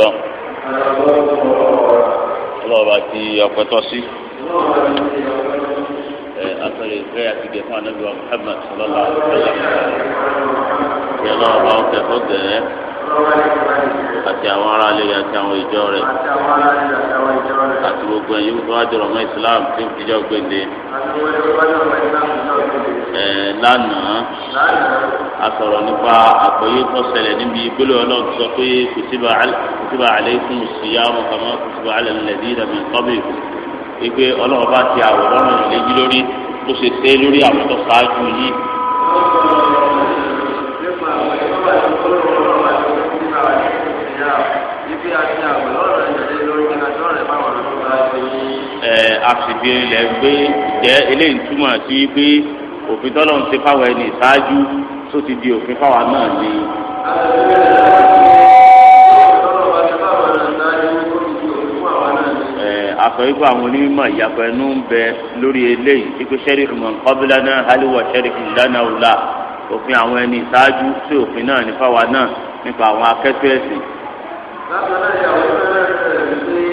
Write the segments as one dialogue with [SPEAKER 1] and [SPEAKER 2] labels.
[SPEAKER 1] lọ ọlọ́ọ̀bá ti ọ̀pẹ tọ́ sí ẹ atọ́lẹ̀ ìfẹ́ àti ìgbẹ́ fún anábìá Muhammad sọlọ́lá àlùfẹ́lá kí ọlọ́ọ̀bá ọ̀tẹ̀ tó tẹ̀ ẹ́ àti àwọn ará ilé rẹ̀ àti àwọn ìjọ rẹ̀ àti gbogbo ẹ̀yin tó wá jọrọ̀ mọ́ Islam tí ó fi jọ gbèndé ẹ̀ lánàá asọ̀rọ̀ nípa àkọ́yé tó ṣẹlẹ̀ níbi gbólóyè ọlọ́run sọ pé kùtìbà alaykum as-siyam kama kùtìbà alẹ́ lẹ́dí ìdàbí kọ́bì wípé ọlọ́run bá ti àwòrán ọ̀rọ̀ léjì lórí bó ṣe ṣe lórí àwọn ṣáájú yìí. àṣìbí ilẹ̀ gbé jẹ́ eléyìí túmọ̀ sí pé òfin tọ́lọ́run ti fáwọn ẹni ṣáájú tó ti di òfin fáwa náà ni. àfẹ́ wípé àwọn onímọ̀ ìyàpẹ̀ ẹnu ń bẹ lórí eléyìí wípé sẹ́rífù mọ̀ kọ́bílá náà haliwa sẹ́rífù lánà ọ̀la òfin àwọn ẹni ìṣáájú sí òfin náà ní fáwa náà nípa àwọn akẹ́kọ̀ọ́ ẹ̀sìn. bákan náà ìyàwó fẹ́rẹ̀ rẹ̀ ní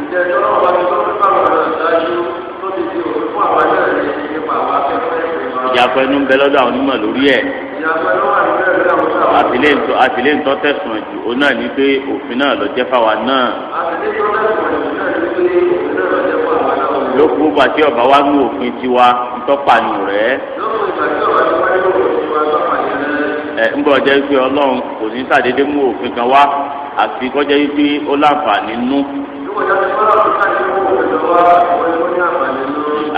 [SPEAKER 1] ìjẹ́jọ́ ọ̀wá tó fún àwọn ọ̀rọ̀ ìṣáájú tó ti di òfin fún àwọn ẹ̀rẹ́ nípa àwọn akẹ́kọ̀ọ́ ìyàpọ̀ ẹnu ń bẹ lọ́dọ̀ àwọn onímọ̀ lórí ẹ̀ àtìlẹ́ ìtọ́ tẹ̀sán jù ó náà ní pé òfin náà lọ jẹ́ fáwa náà lókùú bàtí ọba wa ní òfin tiwa ntọ́pàánù rẹ̀ ẹ̀ ń bọ̀ jẹ́ pé ọlọ́run kò ní sàdédé mú òfin kan wá àfi kọjá pé ó láǹfààní nú.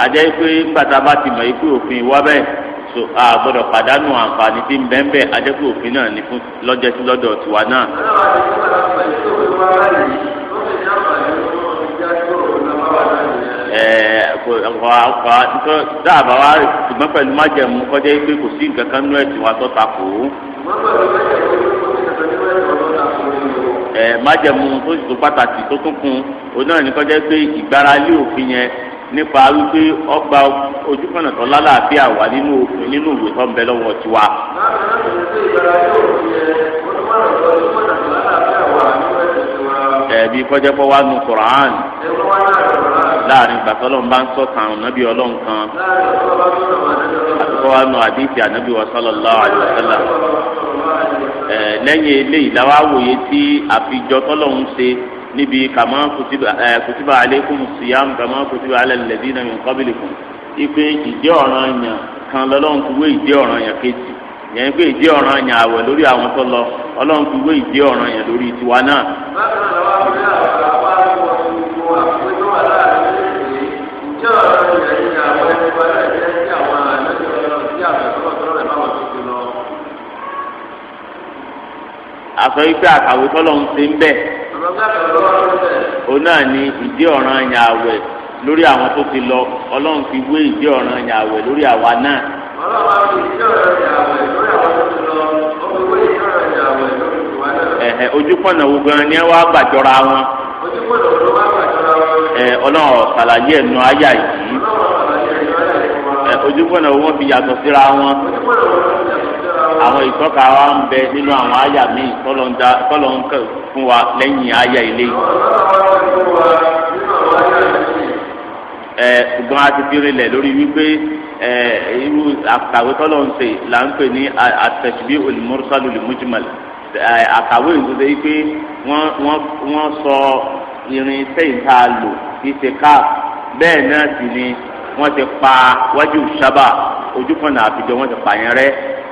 [SPEAKER 1] àjẹ́ pé pàtàkì ti mọ̀ ikú òfin wá bẹ́ẹ̀ so a gbọ́dọ̀ pàdánù àǹfààní tí ń bẹ́ẹ̀ bẹ́ẹ̀ àjẹ́ pé òfin náà ní fún lọ́jọ́ sí lọ́dọ̀ tiwa náà. dáàbà wa ṣùgbọ́n pẹ̀lú májẹ̀mú kọjá pé kò sí nǹkan kan nú ẹ̀sìn wa tó ta kò ó. májẹ̀mú tó sì tó pàtàkì tó tún kún un òun náà ní kọjá pé ìgbáralé òfin yẹn nípa wípé ọgbà ojúkànnà tó lálàáfíà wà nínú òfin nínú ìwé tó ń bẹ lọ́wọ́ tiwa. ẹ̀bí kọjẹ́pọ̀ wa nu Qur'an láàrin gbàtọ́lọ́n bá ń sọ̀kan ọ̀nàbí ọlọ́run kan àtúkọ́ wa nu àdìsí ànábì wa sallallahu alaihi wasallam lẹ́yìn eléyìí làwọn àwòye tí àfijọ́ tọ́lọ́run ṣe níbi kàmá kùtìbà aleikum siyam kàmá kùtìbà alal ladina min qablikum ipe ìjẹ́ ọ̀ranyàn kan lọ́lọ́run ti wé ìjẹ́ ọ̀ranyàn kejì yẹn pé ìjẹ́ ọ̀ranyàn àwẹ̀ lórí àwọn tó lọ ọlọ́run ti wé ìjẹ́ ọ̀ranyàn lórí tiwa náà. àsọ ipe àkàwé tọ́lọ́run ti ń bẹ̀. òun náà ni ìdí ọ̀ràn ẹ̀yà àwẹ̀ lórí àwọn tó ti lọ ọlọ́run ti wé ìdí ọ̀ràn ẹ̀yà lórí àwa náà.
[SPEAKER 2] ọlọ́run ìdí ọ̀ràn lórí àwọn tó ti lọ ìdí
[SPEAKER 1] ọ̀ràn lórí wá gbàjọra wọn. ọlọ́run ṣàlàyé àwọn ìtọ́ka wa ń bẹ nínú àwọn àyà míì tọ́lọ̀ ń kẹ́ fún wa lẹ́yìn àyà ilé. ẹ ṣùgbọ́n a ti fi rinlẹ̀ lórí wípé ẹ irú àkàwé tọ́lọ̀ ń ṣe là ń pè ní àtẹ̀síbí olùmọ́rúsálù lùmújúmọ̀lì àkàwé ìdúró yìí pé wọ́n sọ irin sẹ́yìn tá a lò kì í ṣe káàpù bẹ́ẹ̀ náà sì ni wọ́n ti pa wájú sábà ojú kan àfijọ́ wọ́n ti pààyàn rẹ́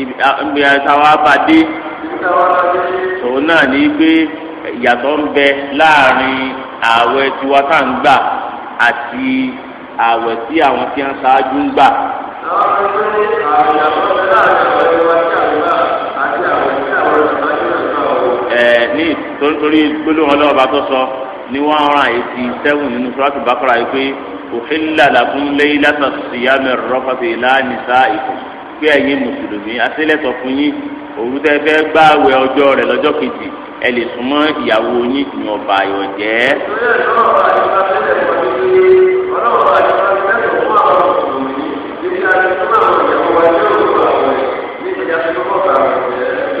[SPEAKER 1] ìgbé àtàwọn abàdé tòun náà ní pé ìyàtọ̀ ń bẹ láàrin ààwẹ̀ tiwa tá à ń gbà àti ààwẹ̀ tí àwọn tí wọ́n ṣáájú ń gbà. ẹ ní torí gbólóhùn ọlọ́ọ̀bá tó sọ ní one hundred and eighty seven nínú sọ́láṣí bákọ́ra yìí pé òfin làlàkún lẹ́yìn látàtúnṣìyàmẹ̀ rọ́pàtì ìlànà ìsá ìkùn. pé ẹ̀yin mùsùlùmí asílẹsọ fún yín òru tẹ́ fẹ́ gbààwẹ̀ ọjọ́ rẹ̀ lọ́jọ́ kejì ẹ lè súnmọ́ ìyàwó yín ní ọba ayọ̀ jẹ.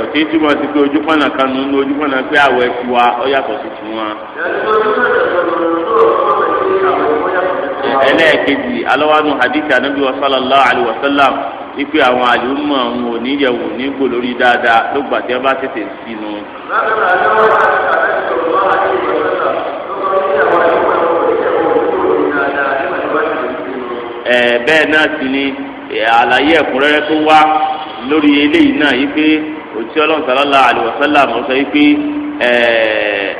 [SPEAKER 1] tòtí túmọ̀ sí pé ojúkọ̀nà kan nínú ojúkọ̀nà pé àwẹ̀ yàtọ̀ sí
[SPEAKER 2] ẹlẹ́ẹ̀kejì
[SPEAKER 1] alọ́wọ́nù hadith anabi wa sallallahu alayhi wa sallam ipe àwọn àlùmọ̀ òun ò ní yẹ̀wò nígbò lórí dáadáa ló gbà tí wọ́n bá tètè sínú. ẹ bẹ́ẹ̀ náà sì ni àlàyé ẹ̀kúnrẹ́rẹ́ tó wá lórí eléyìí náà yìí pé òtí ọlọ́run sàlọ́lá àlùwọ̀sálà mọ̀ sọ yìí pé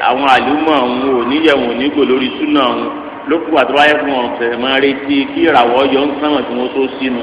[SPEAKER 1] àwọn àlùmọ̀ òun ò ní yẹ̀wò nígbò lórí súnà òun ló kú àtúwáyé fún ọ̀sẹ̀ máa retí kí ìràwọ̀ yọ ń sáwọn tí wọ́n tó sínú.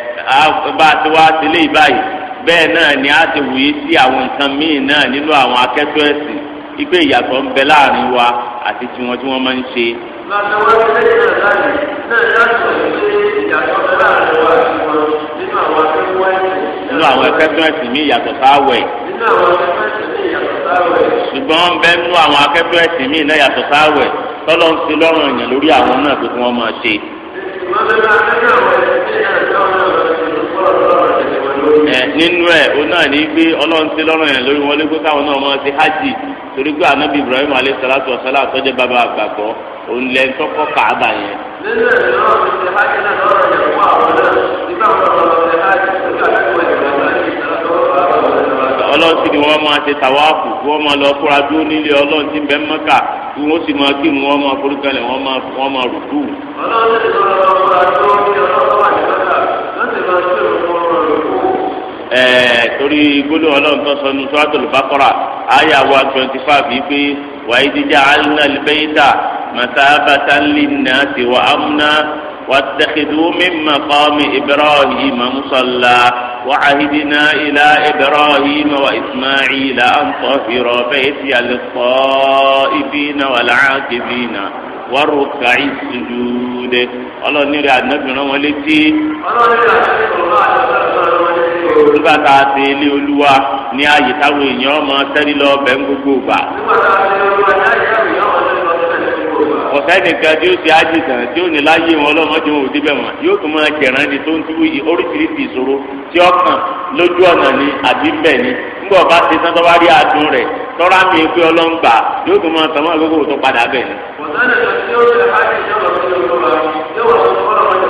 [SPEAKER 1] bá a ti wá sílé ìbáyìí bẹ́ẹ̀ náà ni a ti wòye sí àwọn nǹkan míì náà nínú àwọn akẹ́kọ̀ọ́ ẹ̀sìn ipe ìyàtọ̀ ń bẹ láàrin wa àti tiwọn tí wọ́n máa ń ṣe. láti wá sílé náà láàyè náà láti wọ̀ sí ìyàtọ̀ láàrin wa àti wọn nínú àwọn akẹ́kọ̀ọ́ ẹ̀sìn. nínú àwọn akẹ́kọ̀ọ́ ẹ̀sìn mi ìyàtọ̀ sáwẹ̀. nínú àwọn akẹ́kọ̀ọ́ ẹ̀sìn mi ìyàtọ̀ sáwẹ̀. ṣùgbọ́n bẹ́ẹ̀ nínú àwọn akẹ́kọ̀ọ́ ẹ̀sìn mi náà yàtọ̀ sáwẹ̀ tọ́lọ́ ń ti lọ́rùn èèyàn lórí àwọn náà pé kí wọ́n máa ṣe. ìgbọ́n
[SPEAKER 2] bẹ́ẹ̀ máa fẹ́ ẹ eh, nínú ẹ o
[SPEAKER 1] náà ní pé ọlọ́run ti lọ́rùn yẹn lórí wọn lẹ́gbẹ́ káwọn náà máa ti hajj torí pé anabi ibrahim alayhi salatu wa salam tọ́jú bàbá àgbàgbọ́ òun lẹ́ ń tọ́kọ́ kàába yẹn. nínú ẹ̀ lọ́rọ̀ ti hajj náà yẹn fún àwọn náà nígbà wọn hajj nígbà tí ọlọ́run ni wọ́n máa ṣe tàwáàfù kí wọ́n máa lọ kóra dúró nílé ọlọ́run kí wọ́n sì máa wọ́n ẹ̀ẹ́ torí gbólóhùn ọlọ́run tó sọ ní suratul Baqara àyà wa twenty five yìí pé wa idh ja'alna al-bayta mathabatan lin-nasi wa amna واتخذوا من مقام إبراهيم مصلى وعهدنا إلى إبراهيم وإسماعيل أن طهر بيتي للطائفين والعاكفين والركع
[SPEAKER 2] السجود
[SPEAKER 1] الله نرى النبي ونولي nígbà tá a ṣe ilé olúwa ní ààyè táwọn èèyàn ọmọ sẹ́rí lọ bẹ́ẹ̀ ń gbogbo gbà. ọ̀sẹ̀ nìkan tí ó ti ájì tí ó ní láyé wọn ọlọ́mọdé wọn ò débẹ̀ wọn yóò tún máa jẹ̀rán ni tó ń tú oríṣiríṣi ìṣòro tí ó lójú ọ̀nà ni àbí bẹ́ẹ̀ ni nígbà ọba ṣe tán tó bá rí adùn rẹ̀ tọ́ra mi pé ọlọ́ngbà yóò tún máa tàn mọ́ àgbégbò tó padà bẹ̀ ni. ọ̀sẹ̀ nìkan tí ó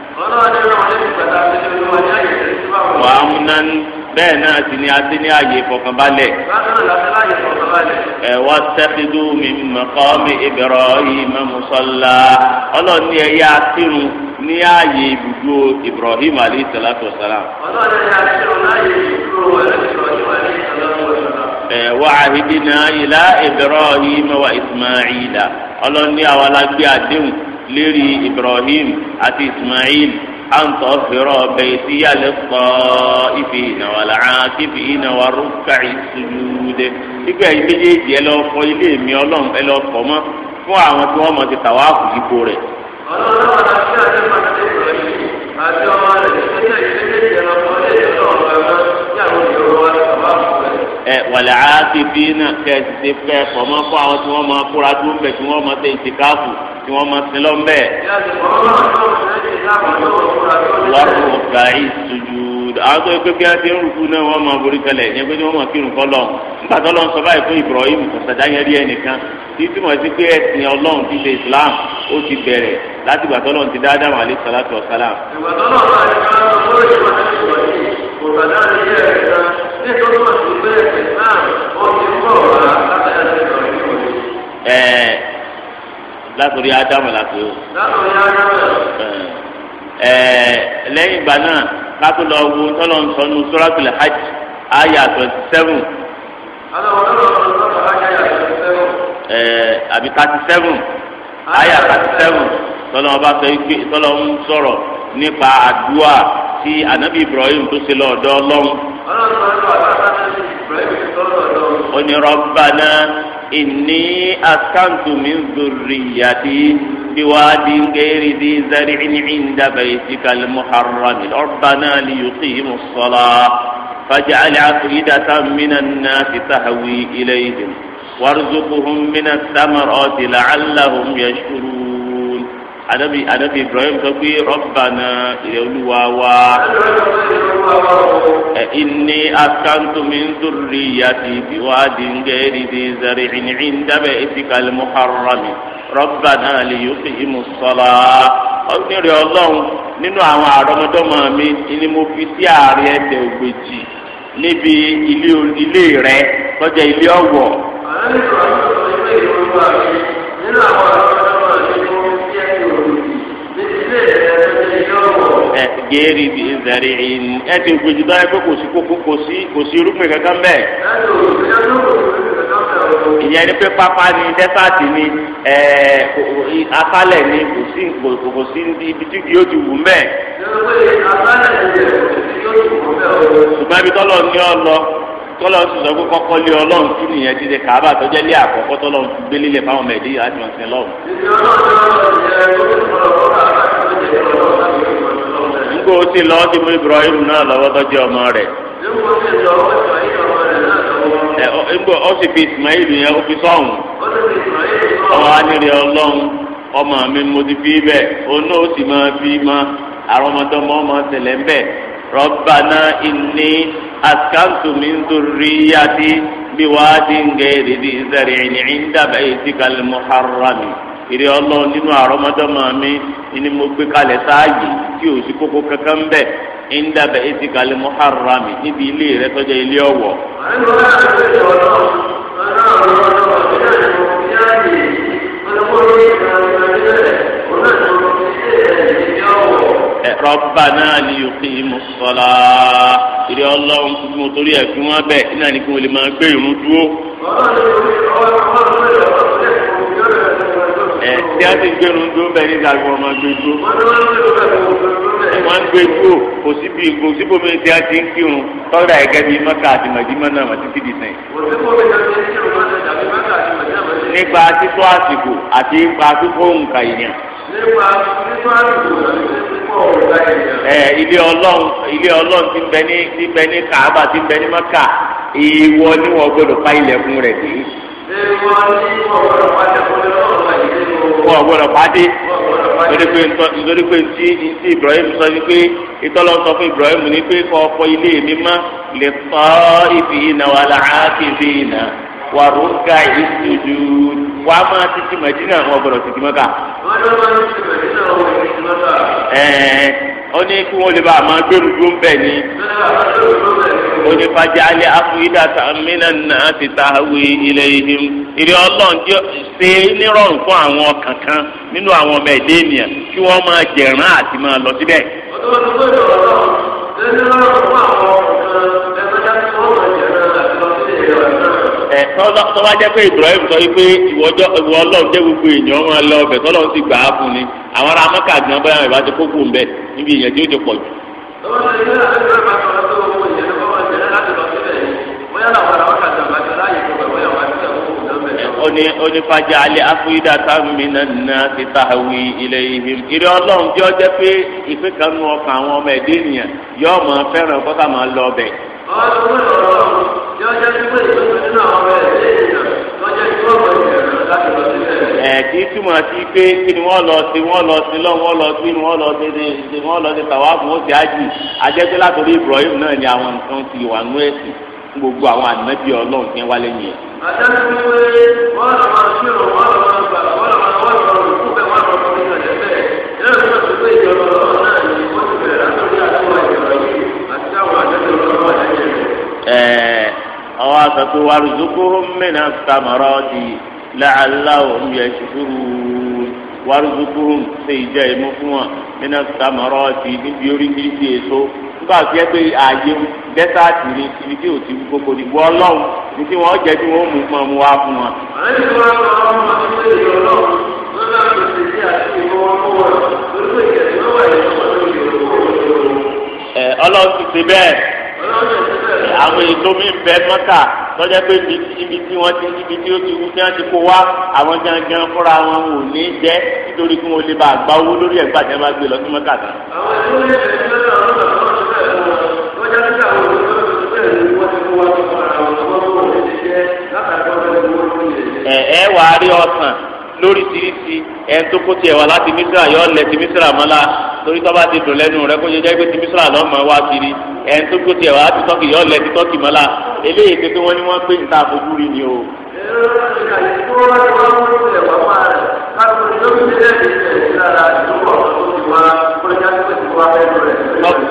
[SPEAKER 1] wàá múnání bẹ́ẹ̀ náà sì ni a ti ní ààyè ìfọkànbalẹ̀. ẹ wá sẹ́kídú mi mọ̀kọ́ mi Ibrahim mùsọ̀lá ọlọ́ọ̀ni ẹ̀yà kírun ní ààyè ibùdó Ibrahim alayhi salatu wa salam.
[SPEAKER 2] ọlọ́ọ̀ni ẹ̀yà kírun ní ààyè ibùdó Ibrahim alayhi salatu wa salam.
[SPEAKER 1] ẹ wá àhídínà ilá Ibrahim wa Ismaila ọlọ́ọ̀ni àwọn alágbé àdéhùn lérí ibrahim àti ismail àǹtọ̀ fìrọ̀ bẹ́ẹ̀ sí yàlẹ́ pọ̀ ìfì ìnáwàlá kíbi ìnáwà rúkà ìsúlùdẹ. ìgbà yìí méjèèjì ẹ lọ fọ ilé mi ọlọ́run ẹ lọ fọ mọ́ fún àwọn tí wọ́n mọ̀ ti tàwa kù yípo rẹ̀. ọlọ́run àti
[SPEAKER 2] àdébàtà ìbùrọ̀ yìí àti ọmọ rẹ̀ ṣẹ́yìn ìdílé ìjẹ́lọ́pọ̀.
[SPEAKER 1] ẹ wàlẹ̀ àákìbí náà kẹ́sì ti fẹ́ fọmọ́ fún àwọn tí wọ́n máa kóra tó ń bẹ̀ tí wọ́n máa ṣe ìtìkáàfù tí wọ́n máa sin lọ́n bẹ́ẹ̀. wọ́n kò gba ìtújú àwọn tó gbé bí wọ́n ti ń rúkú náà wọ́n máa borí kalẹ̀ ìyẹn pé wọ́n máa kírun kọ́ lọ. nígbà tó lọ sọ báyìí Ibrahim kọ̀sàdá yẹn rí ẹnìkan tí túmọ̀ sí pé ẹ̀sìn Ọlọ́run ti ṣe Islam ó ti bẹ̀rẹ̀ láti ìgbà tó lọ́n ti dá dáhùn alẹ́ sọ́lá tó ọ̀sálà. ìgbà tó
[SPEAKER 2] lọ́n nítorí wọn ti bẹ́ẹ̀ ní náà ó ti ń bọ̀ wá
[SPEAKER 1] látàrí ẹ̀sìn ọ̀rẹ́ ìwòye. ẹ̀ẹ́ látòrí ádámù làpè o.
[SPEAKER 2] látòrí ádámù. ẹ̀ẹ́
[SPEAKER 1] eh, eh, lẹ́yìn ìgbà náà kátó lọ wo tọ́lọ̀ ń sọ nu suratul hajj àyà twenty seven. alọ́ tọ́lọ̀ ń sọ suratul hajj àyà twenty seven. ẹ̀ẹ́ eh, àbí thirty seven àyà thirty seven tọ́lọ̀ ń sọ̀rọ̀ nípa àdúrà tí anabi ibrahim tó ṣe lọ́dọ̀ ọlọ́run. ó ní rabbana inni askantu min zurriyati biwadi ghairi dhi zar'in 'inda baytikal muharram rabbana liyuqimu s-salah faj'al 'afidatan minan nasi tahwi ilayhim warzuqhum minas samarati la'allahum yashkurun. anabi anabi ibrahim sọ pé rọbànà ìyẹwùlúwa wa ẹ ní akántumi ndúrí yàtì ìwádìí ngẹ́rì ní zari ìnìyí ndábẹ́ ìfikàlì muharrami rọbànà lèyókè ìmùsọ̀lá ọ̀gbìnrin ọlọ́run nínú àwọn àrọ́mọdọ́mọ mi ni mo fi sí ààrẹ ẹ̀dẹ̀ ògbèjì níbi ilé rẹ tọ́jà ilé ọ̀wọ̀. nínú àwọn àrọ́mọdọ́mọ mi nínú àwọn àrọ́mọdọ́mọ géèrè bí ìzẹ̀rì ìní ẹ ti gbèjì dọ́ ẹ pé kò sí kókó kò sí kò sí irúgbìn kankan bẹ́ẹ̀. ìyẹn ni pé pápá ni dẹ́sàtì ni asálẹ̀ ni kò sí kò sí ibi tí yóò ti wù mẹ́ẹ̀. ṣùgbọ́n ibi tọ́lọ̀ ní ọ lọ tọ́lọ̀ sì sọ pé kọ́kọ́ lé ọlọ́run kí nìyẹn ti ṣe kàábà tọ́jẹ́ lé àkọ́kọ́ tọ́lọ̀ gbélé lẹ̀ fáwọn mẹ̀ẹ́dí àti ọ̀sìn kó o ti lọ ọ́ ti mú Ibrahim náà lọ́wọ́ tọ́jú ọmọ rẹ̀. ẹgbẹ́ ọ sì fi Ismail yẹn ó fi sọ́hùn. ọmọ anìrè ọlọ́run ọmọ mi mo ti fi bẹ́ẹ̀ òun náà sì máa fi máa àrọ́mọdọ́mọ ọmọ tẹ̀lẹ́ ń bẹ̀. Rabbana inni askantu min durriyati biwadin ghairi dhi zar'in 'inda baytikal muharram èrè ọlọ́run nínú àrọ́mọdọ́mọ mi ni mo gbé kalẹ̀ sáàyè tí ò sí kókó kankan ń bẹ̀ ń dàbẹ̀ etí kalẹ̀ muharrami níbi ilé rẹ tọ́jà ilé ọ̀wọ̀. Rabbana li yuqimus salah èrè ọlọ́run tuntun torí ẹ̀ fi wọ́n bẹ̀ iná kí wọ́n lè máa gbé ìrun dúró ẹ tí a ti gbẹrun tó bẹ ní ìdàgbọ ọmọ gbé tó wọn gbé tó kò síbi kò síbi omi tí a ti ń kírun tọ́lá ẹ̀gẹ́ bíi mọ́tà àti màdìmọ́ náà wọ́n ti fi dì sẹ́yìn. nípa títọ́ àsìkò àti ipa kíkó nǹkan ìyàn.
[SPEAKER 2] nípa títọ́ àsìkò àti kíkó nǹkan ìyàn.
[SPEAKER 1] ẹ ilé ọlọ́run ilé ọlọ́run ti bẹ ní ti bẹ ní kàába ti bẹ ní mọ́kà ìwọ ni wọ́n gbọ́dọ̀ pa ilẹ̀kùn rẹ̀ dé. ìwọ ni wọ́n gbọ́dọ̀ pa ilẹ̀kùn rẹ̀ lọ́wọ́ wọn ò gbọdọ̀ pàdé nítorí pé tí tí Ibrahim sọ ni pé ìtọ́lọ́ sọ fún Ibrahim ni pé kọ́ ọkọ ilé mi mọ́ lè kọ́ ibi iná wà láàkì ibi iná wà rúkà ìṣojú wà á máa títí Mẹdínà wọn gbọdọ̀ títí Mẹ́kà. ẹ̀ẹ́n ó ní kí wọ́n lè bá a máa gbẹ̀rù dúró ń bẹ̀ ni. oní fàjálẹ afúídàtà mínàna ti tahwi ile ìrẹ ire jẹ ṣe nírọ̀rùn fún awọn kankan nínú àwọn ọmọ ẹdẹ ènìyàn kí wọn máa ma àti máa lọ síbẹ̀. ẹ tọ́lá jẹ́ pé Ibrahim sọ pé ìwọ Ọlọ́run jẹ́ gbogbo èèyàn ọbẹ̀ tọ́lọ́run gbà á fún ni àwọn ará amákàgbọ́n báyọ̀ kókó ń bẹ̀ níbi ìyẹn tí ó ti pọ̀ jù. oni onífàjà alẹ́ afúyídà támínà náà ti tàwí ilẹ̀ ìhìn ìrẹ́ ọlọ́run jẹ́ ọjọ́ pé ìpín kan nu ọkàn àwọn ọmọ ẹ̀dẹ́ ènìyàn yóò mọ fẹ́ràn kọ́tà máa lọ ọbẹ̀. ọlọ́run jẹ́ ọjọ́ pé ìpín kan nu ọkàn àwọn ọmọ ẹ̀dẹ́ ènìyàn lọ́jọ́ ìfowópamọ́ láti lọ sílẹ̀ ẹ̀ẹ́dì túmọ̀ sí pé kí ni wọ́n lọ sí wọ́n lọ sí lọ́wọ́ lọ sí ni wọ́n lọ sí ni wọ́n lọ sí tàwa fún gbogbo àwọn ànábì ọlọ́run ti ń wálé yẹn. lọ máa lọ máa gbà lọ máa lọ fún nípa àfihàn pé ààyè dẹ́sáàtì ni ibi tí ò ti wú gbogbo ìbú ọlọ́run ní tí wọ́n jẹ́ tí wọ́n mú pọn mu wá fún wọn. ọlọ́run ti ṣe bẹ́ẹ̀ àwọn ètò mi ń bẹ mọ́tà tọ́jà pé ibi tí wọ́n ti ibi tí ó ti wú tí wọ́n ti kó wá àwọn gangan fúnra wọn ò ní jẹ́ nítorí kí wọ́n lè bá gba owó lórí ẹ̀gbà tí wọ́n gbé lọ sí mọ́tà tán. àwọn ìṣòro yẹn
[SPEAKER 2] ẹ ẹ wà á rí ọsàn lóríṣiríṣi
[SPEAKER 1] ẹn tó kó tiẹ̀ wá láti misra yọ lẹ ti misra mọ́lá torí tọ́ba ti dùn lẹ́nu rẹ kó yẹ jẹ́ pé ti misra lọ́mọ wá kiri ẹn tó kó tiẹ̀ wá láti tọ́kì yọ lẹ ti tọ́kì mọ́lá eléyìí pé wọ́n ní wọ́n pé níta àfojú rí ni o. ẹ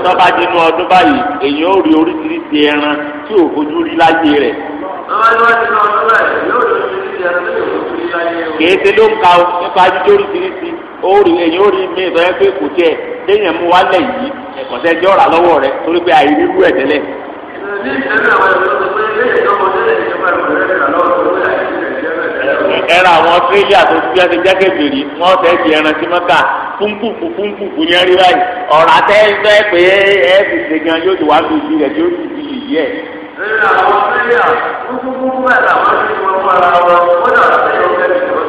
[SPEAKER 1] tọ́ba dínú ọdún báyìí èyí ó rí oríṣiríṣi ẹran tí ò fojú rí láyé rẹ̀. kéde ló ń ka o nípa jíjó oríṣiríṣi ó rí èyí ó rí mi ìtọ́jú pé kò tiẹ̀ léèyàn mú wálẹ̀ yìí ẹ̀kọ́ sẹ́jọ́ rà lọ́wọ́ rẹ̀ torí pé àìrí rú ẹ̀ tẹ́lẹ̀. ní ìṣẹ́lẹ̀ àwọn ìwé tó pé ilé ìjọba ọdún ẹ̀ ẹran àwọn Australia tó ti jáde jákèjì rí wọn tẹ di ẹran tí wọn kà
[SPEAKER 2] fúnkùkù fúnkùkù yẹn rí báyìí
[SPEAKER 1] ọ̀rọ̀ àtẹ ẹgbẹ́ pé ẹ fi ṣe gan yóò ti wá lu ìdí rẹ̀ tí ó ti di yìí ẹ̀.
[SPEAKER 2] ẹran àwọn Australia fúnkùkù bẹ́ẹ̀ làwọn ti wọ́n mọ́ra wọn ó dà sí ọ̀gá
[SPEAKER 1] ìṣòro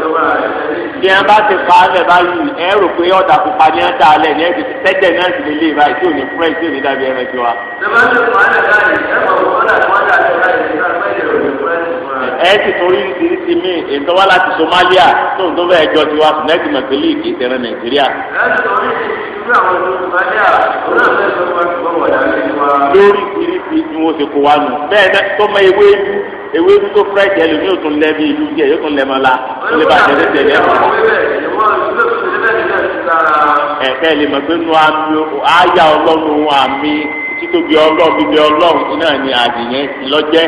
[SPEAKER 1] bí wọn bá ti pa ẹ báyìí ẹ rò pé ọ̀dà pupa ni wọn alẹ́ ní ẹ̀sìn tẹ́tẹ̀ náà sì lè lé e báyìí tí ò ní fúnra ẹ̀ tí ò ní dàbí ẹran tiwa. ṣé máa
[SPEAKER 2] ń ṣe fún alẹ́ báyìí ẹ̀ mọ̀ ọ́dà tí wọ́n dà sí ọ̀gá
[SPEAKER 1] ìṣòro ẹ sì tún rí ìrísí mi ètò wá láti Somalia tó ń tó bẹ́ẹ̀ jọ tiwa sùnẹ́tì mẹ̀tẹ́lì kì í tẹ̀rẹ̀ Nàìjíríà. lórí ìrísí ni wọ́n ti kó wa nù bẹ́ẹ̀ náà tó mọ ewé ìlú ewé ìlú tó fẹ́ jẹ́ lómi yóò tún lẹ́ bí ìlú jẹ́ yóò tún lẹ́ mọ́ la ó lè bá tẹ̀lé tẹ̀lé ẹ̀fẹ́ lè mọ̀ pé nu àmì àyà ọlọ́run àmì títóbi ọlọ́run bíbí ọlọ́run náà ni àdìyẹn lọ́jẹ́.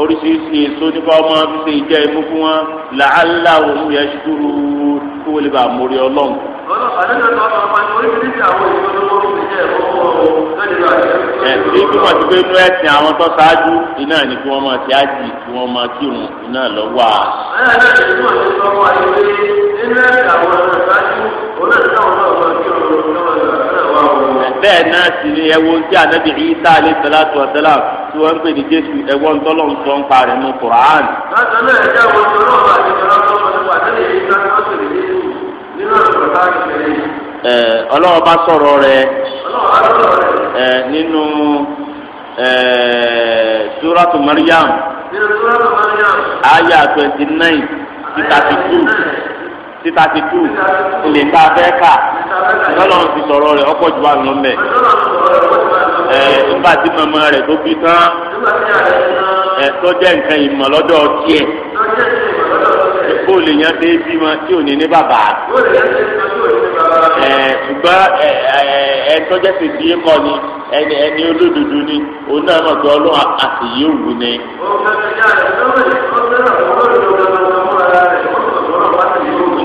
[SPEAKER 1] oríṣiríṣi èso nípa ọmọ fífi ìjẹ imú fún wọn làálà òun yẹ ṣùkúrú kí wọ́n lè bá mórí ọlọ́run. ẹ̀sìn bí wọ́n ti gbé inú ẹ̀sìn àwọn tó ṣáájú iná ni kí wọ́n máa ti ájì kí wọ́n máa kírun iná lọ wà.
[SPEAKER 2] ẹ̀ẹ́dẹ̀ẹ́dẹ̀ tí ti sọ wọ́n àyè pé inú ẹ̀sìn àwọn ọ̀rọ̀ ṣáájú
[SPEAKER 1] òun náà ti sáwọn bẹ́ẹ̀ náà sì ni ẹ̀wọ̀n tí anabi isa alayhi salatu wa salam tí wọ́n ń pè ní jésù ẹ̀wọ̀n tọ́lọ̀ ń sọ ń parí nù quran.
[SPEAKER 2] látàlú ẹ̀jẹ̀ àwọn ìṣòro ọ̀gá ìṣòro ọ̀gá ọ̀gá
[SPEAKER 1] bá sọ̀rọ̀ rẹ̀ nínú suratu maryam aya twenty nine
[SPEAKER 3] to thirty two
[SPEAKER 1] títa ti tú ilé tá a fẹ́ kà lọ́lọ́run ti sọ̀rọ̀ rẹ̀ ọ̀pọ̀ jù wà lọ́mẹ̀. ẹ nígbà tí mọ̀mọ́ rẹ̀ tó bí tán ẹ tọ́jẹ́ nǹkan ìmọ̀ lọ́dọ̀ tiẹ̀ bó lè yàn dé bímọ tí ò ní ní bàbá. ẹ ṣùgbọ́n ẹ ẹ ti di é kọ́ ni ẹni ẹni olódodo ni òun náà mọ̀ pé ọlọ́run àtìyé ni. ọ̀gá ìyá rẹ̀ lọ́wọ́ ìfọ́sẹ́ràn ọlọ́run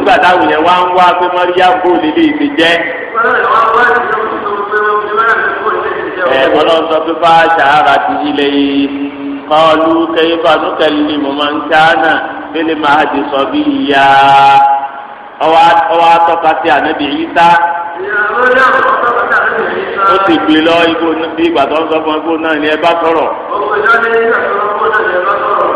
[SPEAKER 1] nígbà táwọn yẹn wá ń wá pé Mariam bó lélẹ̀ ìpè jẹ́. ẹ ọlọ́run sọ pé bá ṣàárà ti ilé kọlu kẹfà nùkẹlì ni mo máa ń káánà bẹ́ẹ̀ máa ti sọ bí ìyá ọwọ́ atọ́ka sí ànábì Ìsá. ó ti gbé lọ ibo bí ìgbà tó ń sọ fún ẹgbẹ́ náà ni ẹ bá sọ̀rọ̀.
[SPEAKER 2] ọkùnrin náà ní ìgbà tó ń sọ fún ẹgbẹ́ náà ni ẹ bá sọ̀rọ̀.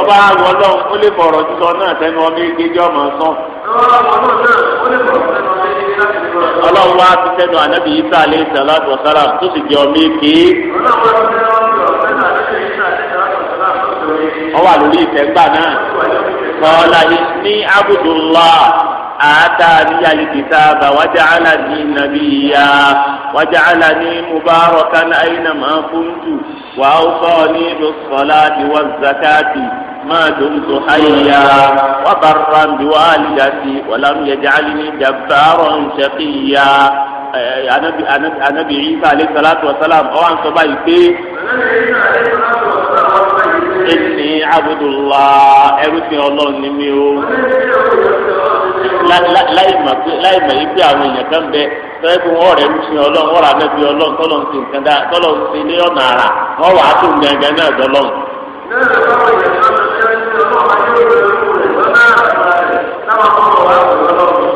[SPEAKER 1] tọ́ba àrùn ọlọ́run ó lè fọ̀rọ̀ sísọ náà tẹnu ọmọ ìgbéjọ́ ọmọ sàn. ọlọ́run wá ti tẹnu ànábì Isa alayhi salatu wa salam tó sì jẹ́ ọmọ èké. ọwọ́ àlùlí ìtẹ́gbà náà kọ́ ọ́ láyé ní abudullah. آتاني الكتاب وجعلني نبيا وجعلني مباركا أينما كنت وأوصاني بالصلاة والزكاة ما دمت حيا وبرا بوالدتي ولم يجعلني جبارا شقيا anabi anabi anabi isa alayhi salatu wa salam ọ wa n sọ báyìí pé ẹni abudulayi láìmọ̀ yìí pé àwọn èèyàn kan bẹ tọ́lẹ́ bí wọ́n rẹ̀ ń sin ọlọ́run wọ́n rà lẹ́bi ọlọ́run tọ́lọ̀ ń sin nǹkan dáa tọ́lọ̀ ń sin ní ọ̀nà àrà wọ́n wà á tó gbẹngàn náà dọ́lọ́run.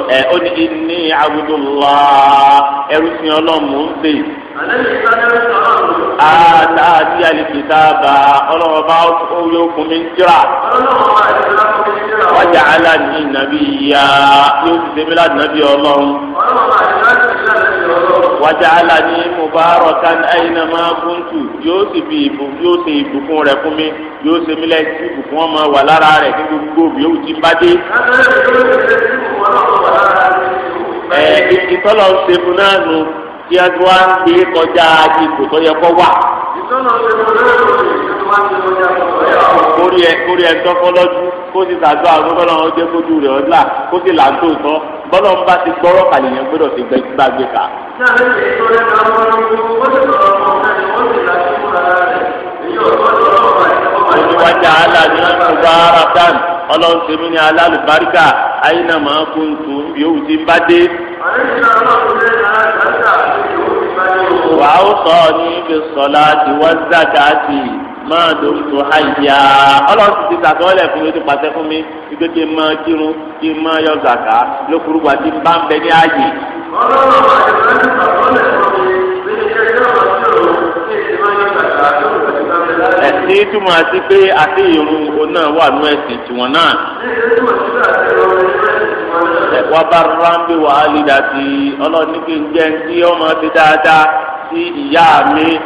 [SPEAKER 1] ẹ ó ní ní abudulá ẹrú sin ọlọ́run mò ń sèyí ata ti alikita ba ọlọ́mọba yóò fún mi jira wájà ala ni nàbí ya yóò fi sẹ́mi la nàbí ọlọ́run wájà ala ni mubarakan aynama kuntu yóò sì fi ìbùkún yóò sì ìbùkún rẹ̀ fún mi yóò sẹ́mi la ti ìbùkún ọmọ wà lára rẹ̀ kí gbogbo òbí yóò ti bá dé ẹ ìtọ́lọ̀ ṣe fún náà nù tí a ti wá ń gbé kọjá ipò tó yẹ kó wà. kórí ẹ kórí ẹ tọ́kọ́ lọ́dún kó sì tàdó àwọn bọ́lá wọn jẹ́ kójú rẹ̀ ọ̀dà kó sì là ń tó tán bọ́lá wọn bá ti gbọ́rọ̀ kàlẹ̀ yẹn gbọ́dọ̀ ti gbẹ gbàgbé ká.
[SPEAKER 2] oníwájà aláàbí ọgbàrá
[SPEAKER 1] dan ọlọ́run tèmi ní alálùbáríkà àyínà máa kún tún yòówù tí ń bá dé. àyínà máa kún tún yòówù tí ń bá dé wà ó sọ ní ibi sọlá ti wọ́n zàkà ti máa dòun tó háyà ọlọ́run ti ti sàkọọ́lẹ̀ fún mi ó ti pàṣẹ fún mi ìgbé kí n máa kírun kí n máa yọ zàkà lókùrúgbà tí n bá ń bẹ ní ààyè. ọlọ́run bá ti sọ ní sàkọọ́lẹ̀ fún mi ní ìṣẹ́jú ọ̀rọ̀ tí o ní ìṣẹ́jú máa yọ zàkà lókùrúgbà tí n bá ń bẹ láàyè. ẹ̀sìn túmọ̀ sí pé àti ìrun òun náà wà nú ẹ̀sìn tiwọn náà. ní ìṣẹ́jú mọ̀ sí àti ìrun wọ́n bá rán bí wàhálì dàtí ọlọ́ọ̀ni kì í jẹ́ ń tí ọmọ ti dáadáa sí ìyá mi.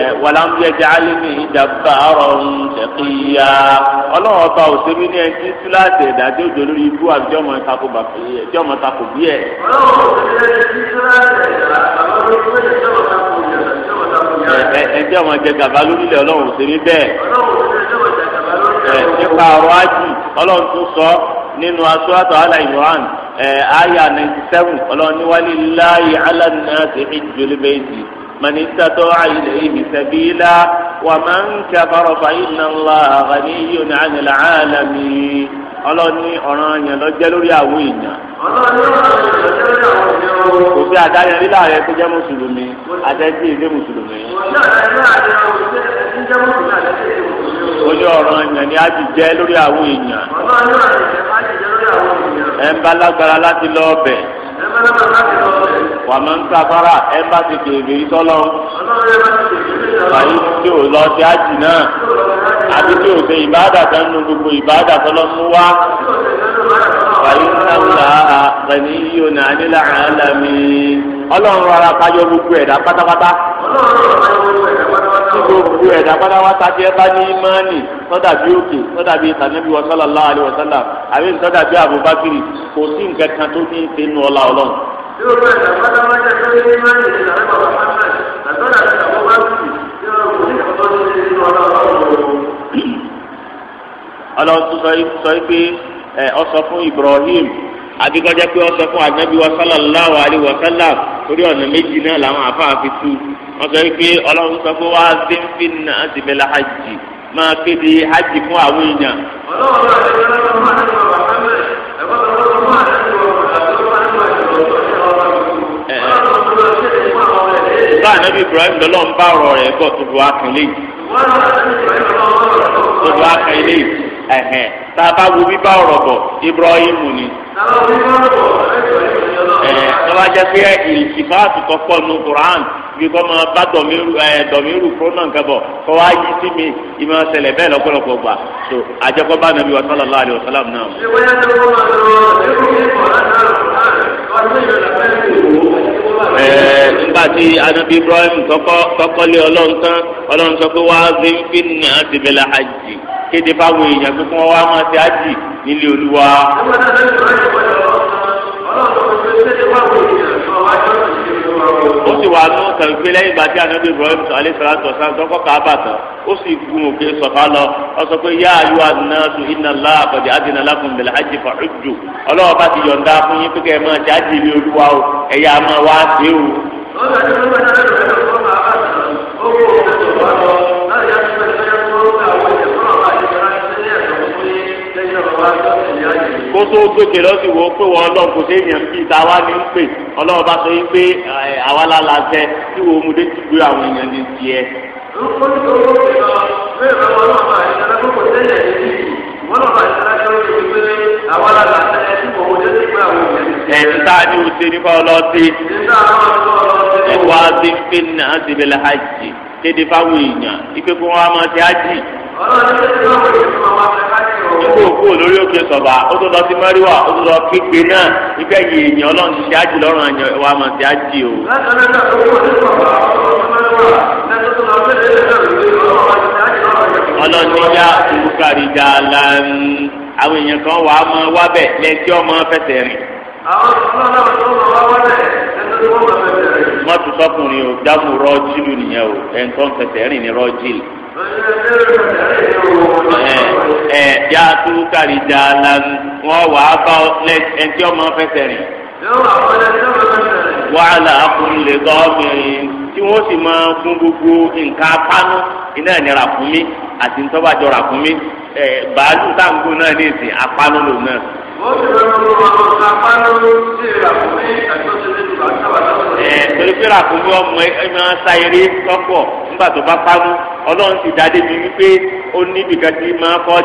[SPEAKER 1] ẹ wàlámù yẹ jẹ alimi ìjàmbá ọrọrùn tẹkíya ọlọ́run ọba òsèmí ní ẹni tí láti ẹ̀dá tí ó jọ lórí ibú àbí tí ọmọ ìtakò bàbá yẹ tí ọmọ ìtakò bí ẹ.
[SPEAKER 2] ọlọ́run òsèmí ní ẹni tí láti ẹ̀dá àwọn olóògbé ìjọba ìtakò
[SPEAKER 1] yẹ ẹjẹ ọmọ jẹ gàba lórílẹ̀ Ọlọ́run ṣe ní bẹ́ẹ̀ nípa ọ̀rọ̀ ajì Ọlọ́run tún sọ nínú aṣọ àtọ aláìwọhàn aya ninety seven ọlọ́ni wálé láàyè alánà ti fi jòlè méjì mani tatọ́ àyìnlẹ̀ ibi sẹ́bílá wà máa ń kẹ́bọ̀rọ̀ fàyín náà ńlá àgbàní yóò ní ànilẹ̀ àlàmì ọlọ́ni ọ̀ràn yẹn lọ jẹ́ lórí àwọn èèyàn. kò sí àdáyẹ lílà rẹ tó jẹ́ mùsùlùmí àtẹ́tí èdè mùsùlùmí. ojú ọ̀ràn yẹn ni a ti jẹ́ lórí àwọn èèyàn. ẹ̀ ń láti lọ ọbẹ̀ wàmọ̀ ń sáfárà ti kèèrè ìtọ́lọ́ fàyí tí ò lọ sí àjì náà àbí tí ò ṣe ìbáàdà kan nu gbogbo ìbáàdà tọ́lọ́ mú wá
[SPEAKER 2] fàyí ń sáfárà
[SPEAKER 1] yíyó nàá nílà àlámì ọlọ́run rárá kájọ gbogbo
[SPEAKER 2] ọlọ́run tó gbogbo ẹ̀dá
[SPEAKER 1] pátápátá tí ẹ bá ní ìmánì sọ́dà bí òkè sọ́dà bí ìtànẹ́bí wa sallallahu àbí sọ́dà bí Abubakar kò sí nǹkan kan tó ní ìpè nù ọlọ́run. ọlọ́run. sọ pé sọ fún Ibrahim adigunjẹ pé sọ fún anabi torí ọ̀nà méjì náà làwọn wọ́n sọ pé ọlọ́run sọ pé wá sí ń fi nà á ti bẹ̀rẹ̀ hajj máa kéde hajj fún àwọn èèyàn. sáà nàbí ọrụ lọ́lọ́ ń bá ọ̀rọ̀ rẹ̀ bọ̀ tó bu akínlé yìí tó bu akínlé yìí ẹ̀hẹ̀n tá a bá wo bíbá ọ̀rọ̀ bọ̀ Ibrahim ni ẹ̀ tọ́wájá pé ìfipá àtúntò pọ̀ nù Quran. bí kò máa bá dọ̀míru ẹ̀ dọ̀míru kúrónà nǹkan bọ̀ kò wá yí sí mi ìmọ̀ ṣẹlẹ̀ bẹ́ẹ̀ lọ́pọ̀lọpọ̀ gbà so àjẹkọ́ bá nàbí wa sálàlá àlè ọ̀sálàm náà. ẹ̀ẹ́ nígbà tí anabi Ibrahim kọ́kọ́ lé ọlọ́run tán ọlọ́run sọ pé wàá fi ń fi ní àtìbẹ̀lẹ̀ àjì kéde fáwọn èèyàn pé kí wọ́n wá máa ti àjì nílé olúwa. sì wà nù kàwé lẹ́yìn ìgbà tí anabi ibrahim aleṣọlá tó sàn tó kọ́ káàbà tán ó sì gun òkè sọ̀fà lọ ó sọ pé yá ayú anáṣu iná lá àkọ́jà àdínà lákùn bẹ̀rẹ̀ àjì fàájú ọlọ́wọ́ bá ti yọ̀ǹda fún yín pé kẹ́ ẹ máa ṣe àjì ilé olúwa o ẹ̀yà máa wá sí o.
[SPEAKER 3] ó lọ sí ọgbà náà lọ́wọ́ kó tó
[SPEAKER 1] gbèsè lọ́sì wo pé wọ́n ọlọ́run kò séèyàn ń bí táwa ní ń pè ọlọ́run bá sọ yín pé àwa la la jẹ tí wo mu dé ti gbé àwọn èèyàn ní tiẹ̀. ẹ̀sìn tá a ní o ṣe nípa ọlọ́ọ̀tì ẹ̀wá ti ń pè ní àdìbẹ̀lẹ̀ hajj kéde fáwọn èèyàn ipe kó wọn a máa ṣe hajj.
[SPEAKER 2] ọlọ́run ní kí ló ń bọ̀ ní ìfowópamọ́ kó
[SPEAKER 1] kó lórí òkè sọ̀bà ó tó lọ sí mẹ́ríwá ó tó lọ kékeré náà ibẹ̀ yìí èèyàn ọlọ́run ti ṣáájì lọ́rùn àyàn wa mà ti ájì o. ọlọ́run ti yá olùkàrí dá láàrin àwọn èèyàn kan wà á mọ wábẹ̀ lẹ́tí ọmọ fẹsẹ̀ rìn. àwọn ìṣúná náà tó ń lọ wá wábẹ̀ lẹ́tí ọmọ fẹsẹ̀ rìn. mọ́tò sọkùnrin o dáhùn rọ́ọ̀jìlù nìyẹn o ẹ̀ ń tọ́ fẹsẹ̀ rìn ní rọ́ọ̀jìlù ẹ yá tó kárí já la wọn wà á bá lẹ ẹtí ọmọ fẹsẹ̀ rìn. wàhálà akúnlẹ̀ gọ́ọ̀mìnrin tí wọ́n sì máa fún gbogbo nǹkan apánú iná ìnira fún mi àti ntọ́bàjọ́ rà fún mi bàálù táǹgò náà ní ìsìn apánú lòun náà. torí pé ràkúnmí ọmọ ẹgbẹ́ wọn sáyẹrẹ tọ́pọ̀ nígbà tó bá pánú ọlọ́run ti dáadé mi wípé ó ní ibìkan tí máa kọ́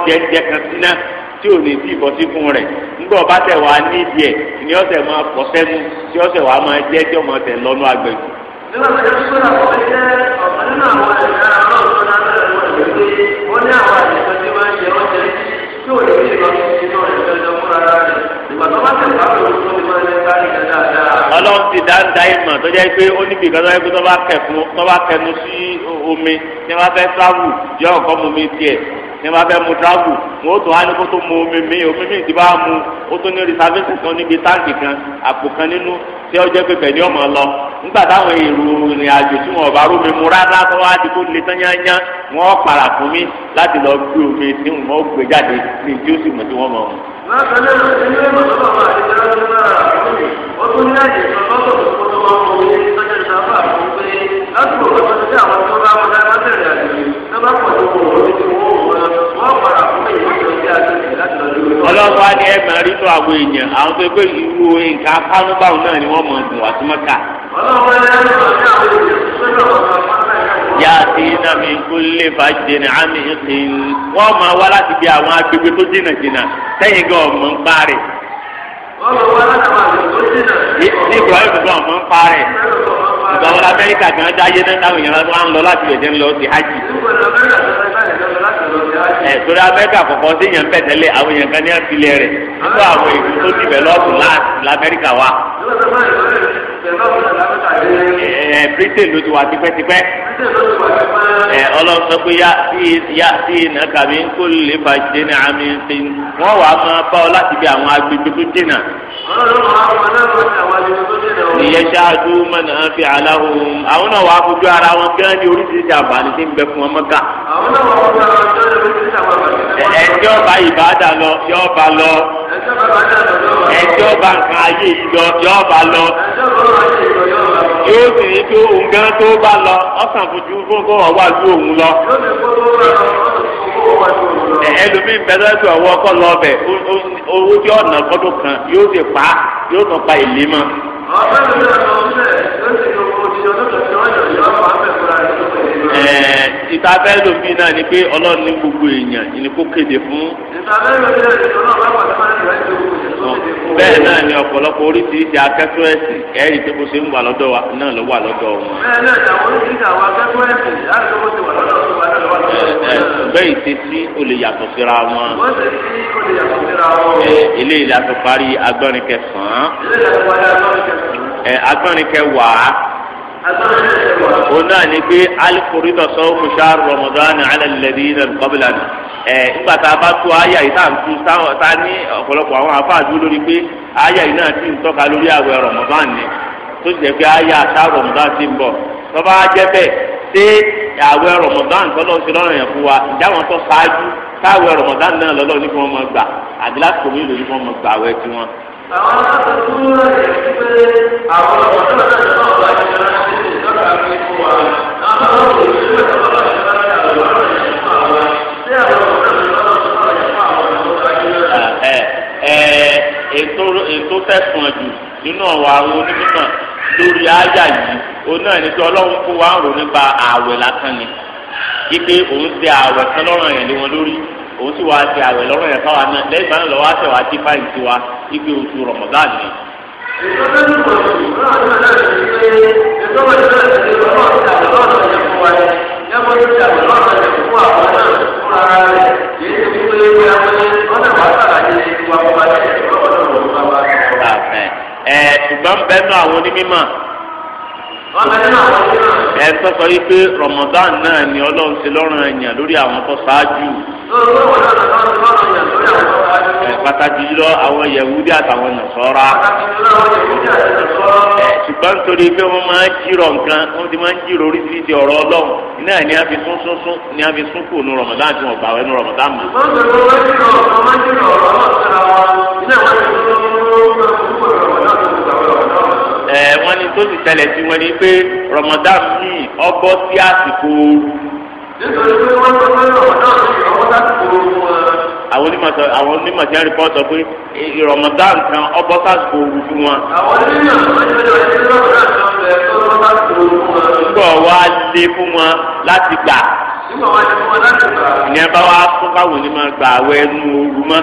[SPEAKER 1] ọlọ́run ti dá ń da ìmọ̀ tó jẹ́ pé ó níbi ìkan tó jẹ́ pé tó bá kẹnu sí omi tí wọ́n bá fẹ́ sáwù yọ ọ̀kọ́ mu mi tiẹ̀ ní wọ́n fẹ́ mu tíráàbù wọ́n tó wá ní kó tó mu omi mi omi mi ti bá mu ó tó ní rìsáfẹ́sì kan níbi táǹkì kan àpò kan nínú tí ó jẹ́ pé pẹ̀lú ọmọ lọ nígbà táwọn èrò ìrìn àjò tí wọn ò bá rómi mu rárá tó wá di kó le tán yányán wọn para fún mi láti lọ gbé omi tí wọn gbé jáde ní tí ó sì mọ̀ tí wọ́n mọ̀ wọn.
[SPEAKER 2] láti lè ṣe ilé ìwòsàn bàbá àti ìjọba
[SPEAKER 3] ń mọ omi
[SPEAKER 1] ọlọ́run wa ẹ máa rí tó àwọn èèyàn àwọn tó gbé irú nǹkan apánúbáwọn náà ni wọ́n mọ̀ ọ̀gùn wá sí mọ́ta. yàtí nàmi kúlẹ̀ fàjẹ́ ní àmì ìsìn wọ́n máa wá láti bí àwọn agbègbè tó jìnnà jìnnà sẹ́yìn gan ọ̀mọ̀ ń parẹ́.
[SPEAKER 2] wọ́n máa tó jìnnà jìnnà. ń
[SPEAKER 1] parẹ́ ìgbà amẹ́ríkà gan dáyé náà táwọn èèyàn wọn lọ láti lè dé ńlọ sí hajj ẹ̀sọ́rọ́ eh, amẹ́ríkà kọ̀ọ̀kan sí yẹn bẹ̀ tẹ́lẹ̀ àwọn yẹn kan ní àfilẹ̀ rẹ̀ nínú àwọn èdè tó dìbẹ̀lọ́pù láti lamẹ́ríkà wa. ẹ eh, britain ló ti wà tipẹ́tipẹ́ ẹ eh, ọlọ́run sọ pé yá sí iná kàmí kó lè bàjẹ́ ní àmì ṣe wọ́n wàá máa bá ọ láti bí àwọn agbègbè tó dènà. ìyẹn ṣáájú mọ̀nà fi aláhùn àwọn náà wàá fojú ara wọn kí ní oríṣiríṣi si tí ń bẹ fún ọmọ ká. àwọn
[SPEAKER 2] ara wọn ní oríṣiríṣi
[SPEAKER 1] ẹjọ́ bá ìbáàdà lọ yóò bá lọ. ẹjọ́ bá nǹkan ayé yìí lọ yóò bá lọ. yóò sì ní tó òun lọ fojú fún ẹlòmíì bẹ́tẹ́ tó ọwọ́ kọ́ lọ bẹ̀ owó tí ọ̀nà kọ́dún kan yóò ti pa yóò tún pa ìlé mọ́. ìta fẹ́ lòmíì náà ni pé ọlọ́run ní gbogbo èèyàn ìníkó kéde fún.
[SPEAKER 2] ìta fẹ́ lòmíì náà ni ọlọ́run bá pàṣẹ máa ń rẹ̀ ẹ́
[SPEAKER 1] tuntun bẹ́ẹ̀ náà ni ọpọlọpọ oríṣiríṣi akẹ́kọ̀ọ́ ẹ̀sìn ẹ̀rí pé bó ṣe ń wà lọ́dọ̀ wa náà ló wà lọ́dọ̀ wọn.
[SPEAKER 2] bẹ́ẹ̀ náà ni àwọn oríṣiríṣi àwọn akẹ́kọ̀ọ́ ẹ̀sìn láti tó bó ṣe wà lọ́dọ̀ tó wà lọ́dọ̀ wọn.
[SPEAKER 1] bẹ́ẹ̀ ìṣesí ó lè síra wọn. o náà ní pé alikori dọ̀sọ́ musa rọmọdánì alẹ́lẹ́dí náà kọ́bílà ni ẹ̀ nígbà tá a bá tó àyà yìí táà ń tu tá a ní ọ̀pọ̀lọpọ̀ àwọn afáàdú lórí pé àyà yìí náà ti ń tọ́ka lórí àwẹ̀ rọmọdánì ni tó jẹ́ pé àyà tá rọmọdánì ti ń bọ̀ tọ́ba jẹ́ bẹ́ẹ̀ ṣé àwẹ̀ rọmọdánì tọ́lọ́ sí lọ́rùn wa ìjà wọn tó ṣáájú táwẹ̀ náà lọ́lọ́ ní kí wọ́n mọ gbà àdìlásìkò mi lòdì kí wọ́n mọ gbà àwẹ̀
[SPEAKER 2] àwọn
[SPEAKER 1] ètò tẹ̀sán jù nínú ọ̀rọ̀ àwọn onímọ̀ lórí àyà yìí òun náà ní pé ọlọ́run kó wa ń rò nípa ààwẹ̀ lásán ni wípé òun ṣe ààwẹ̀ kan lọ́rọ̀ yẹn lé wọn lórí òun sì wá ṣe ààwẹ̀ lọ́rọ̀ yẹn káwa náà lẹ́yìn ìgbà náà lọ́wọ́ àṣẹ wa dé báyìí sí wa wípé oṣù Ramadan ni. ìjọba ní kò sí ọ̀rọ̀ àti ọ̀rọ̀ àti ìgbẹ́ lọ́wọ́ yìí pé náà ni Ọlọ́run lọ́rùn ẹ̀yàn lórí àwọn tó ṣáájú. lọ́rùn ẹ̀yàn lórí
[SPEAKER 2] àwọn tó ṣáájú.
[SPEAKER 1] pàtàkì jùlọ àwọn yahudi àtàwọn nasọra ṣùgbọ́n nítorí pé wọ́n máa ń jírọ̀ nǹkan wọ́n ti máa ń jírọ̀ oríṣiríṣi ọ̀rọ̀ ọlọ́run náà ni a fi sún sún sún ni a fi sún kù nu rọ̀mọ̀dá àti wọn gbàwé nu rọ̀mọ̀dá mọ́. ẹ wọ́n ní tó ti tẹ̀lẹ̀ sí wọn ni pé rọ̀mọ̀dá mi ọgbọ́ sí àsìkò ooru. nítorí pé wọ́n
[SPEAKER 2] sọ pé rọ̀mọ̀dá mi ọgbọ́ sí àsìkò ooru wọn
[SPEAKER 1] àwọn onímọ̀ sọ àwọn onímọ̀ sí ẹ̀rí pọ́ọ̀tọ̀ pé e, Ramadan kan ọbọ̀ sásìkò ooru fún wọn. àwọn onímọ̀ gbọ́ wá lé fún wọn láti gbà. ìyẹn bá wá fún káwọn onímọ̀ gbà àwẹ̀ ẹnu ooru mọ́.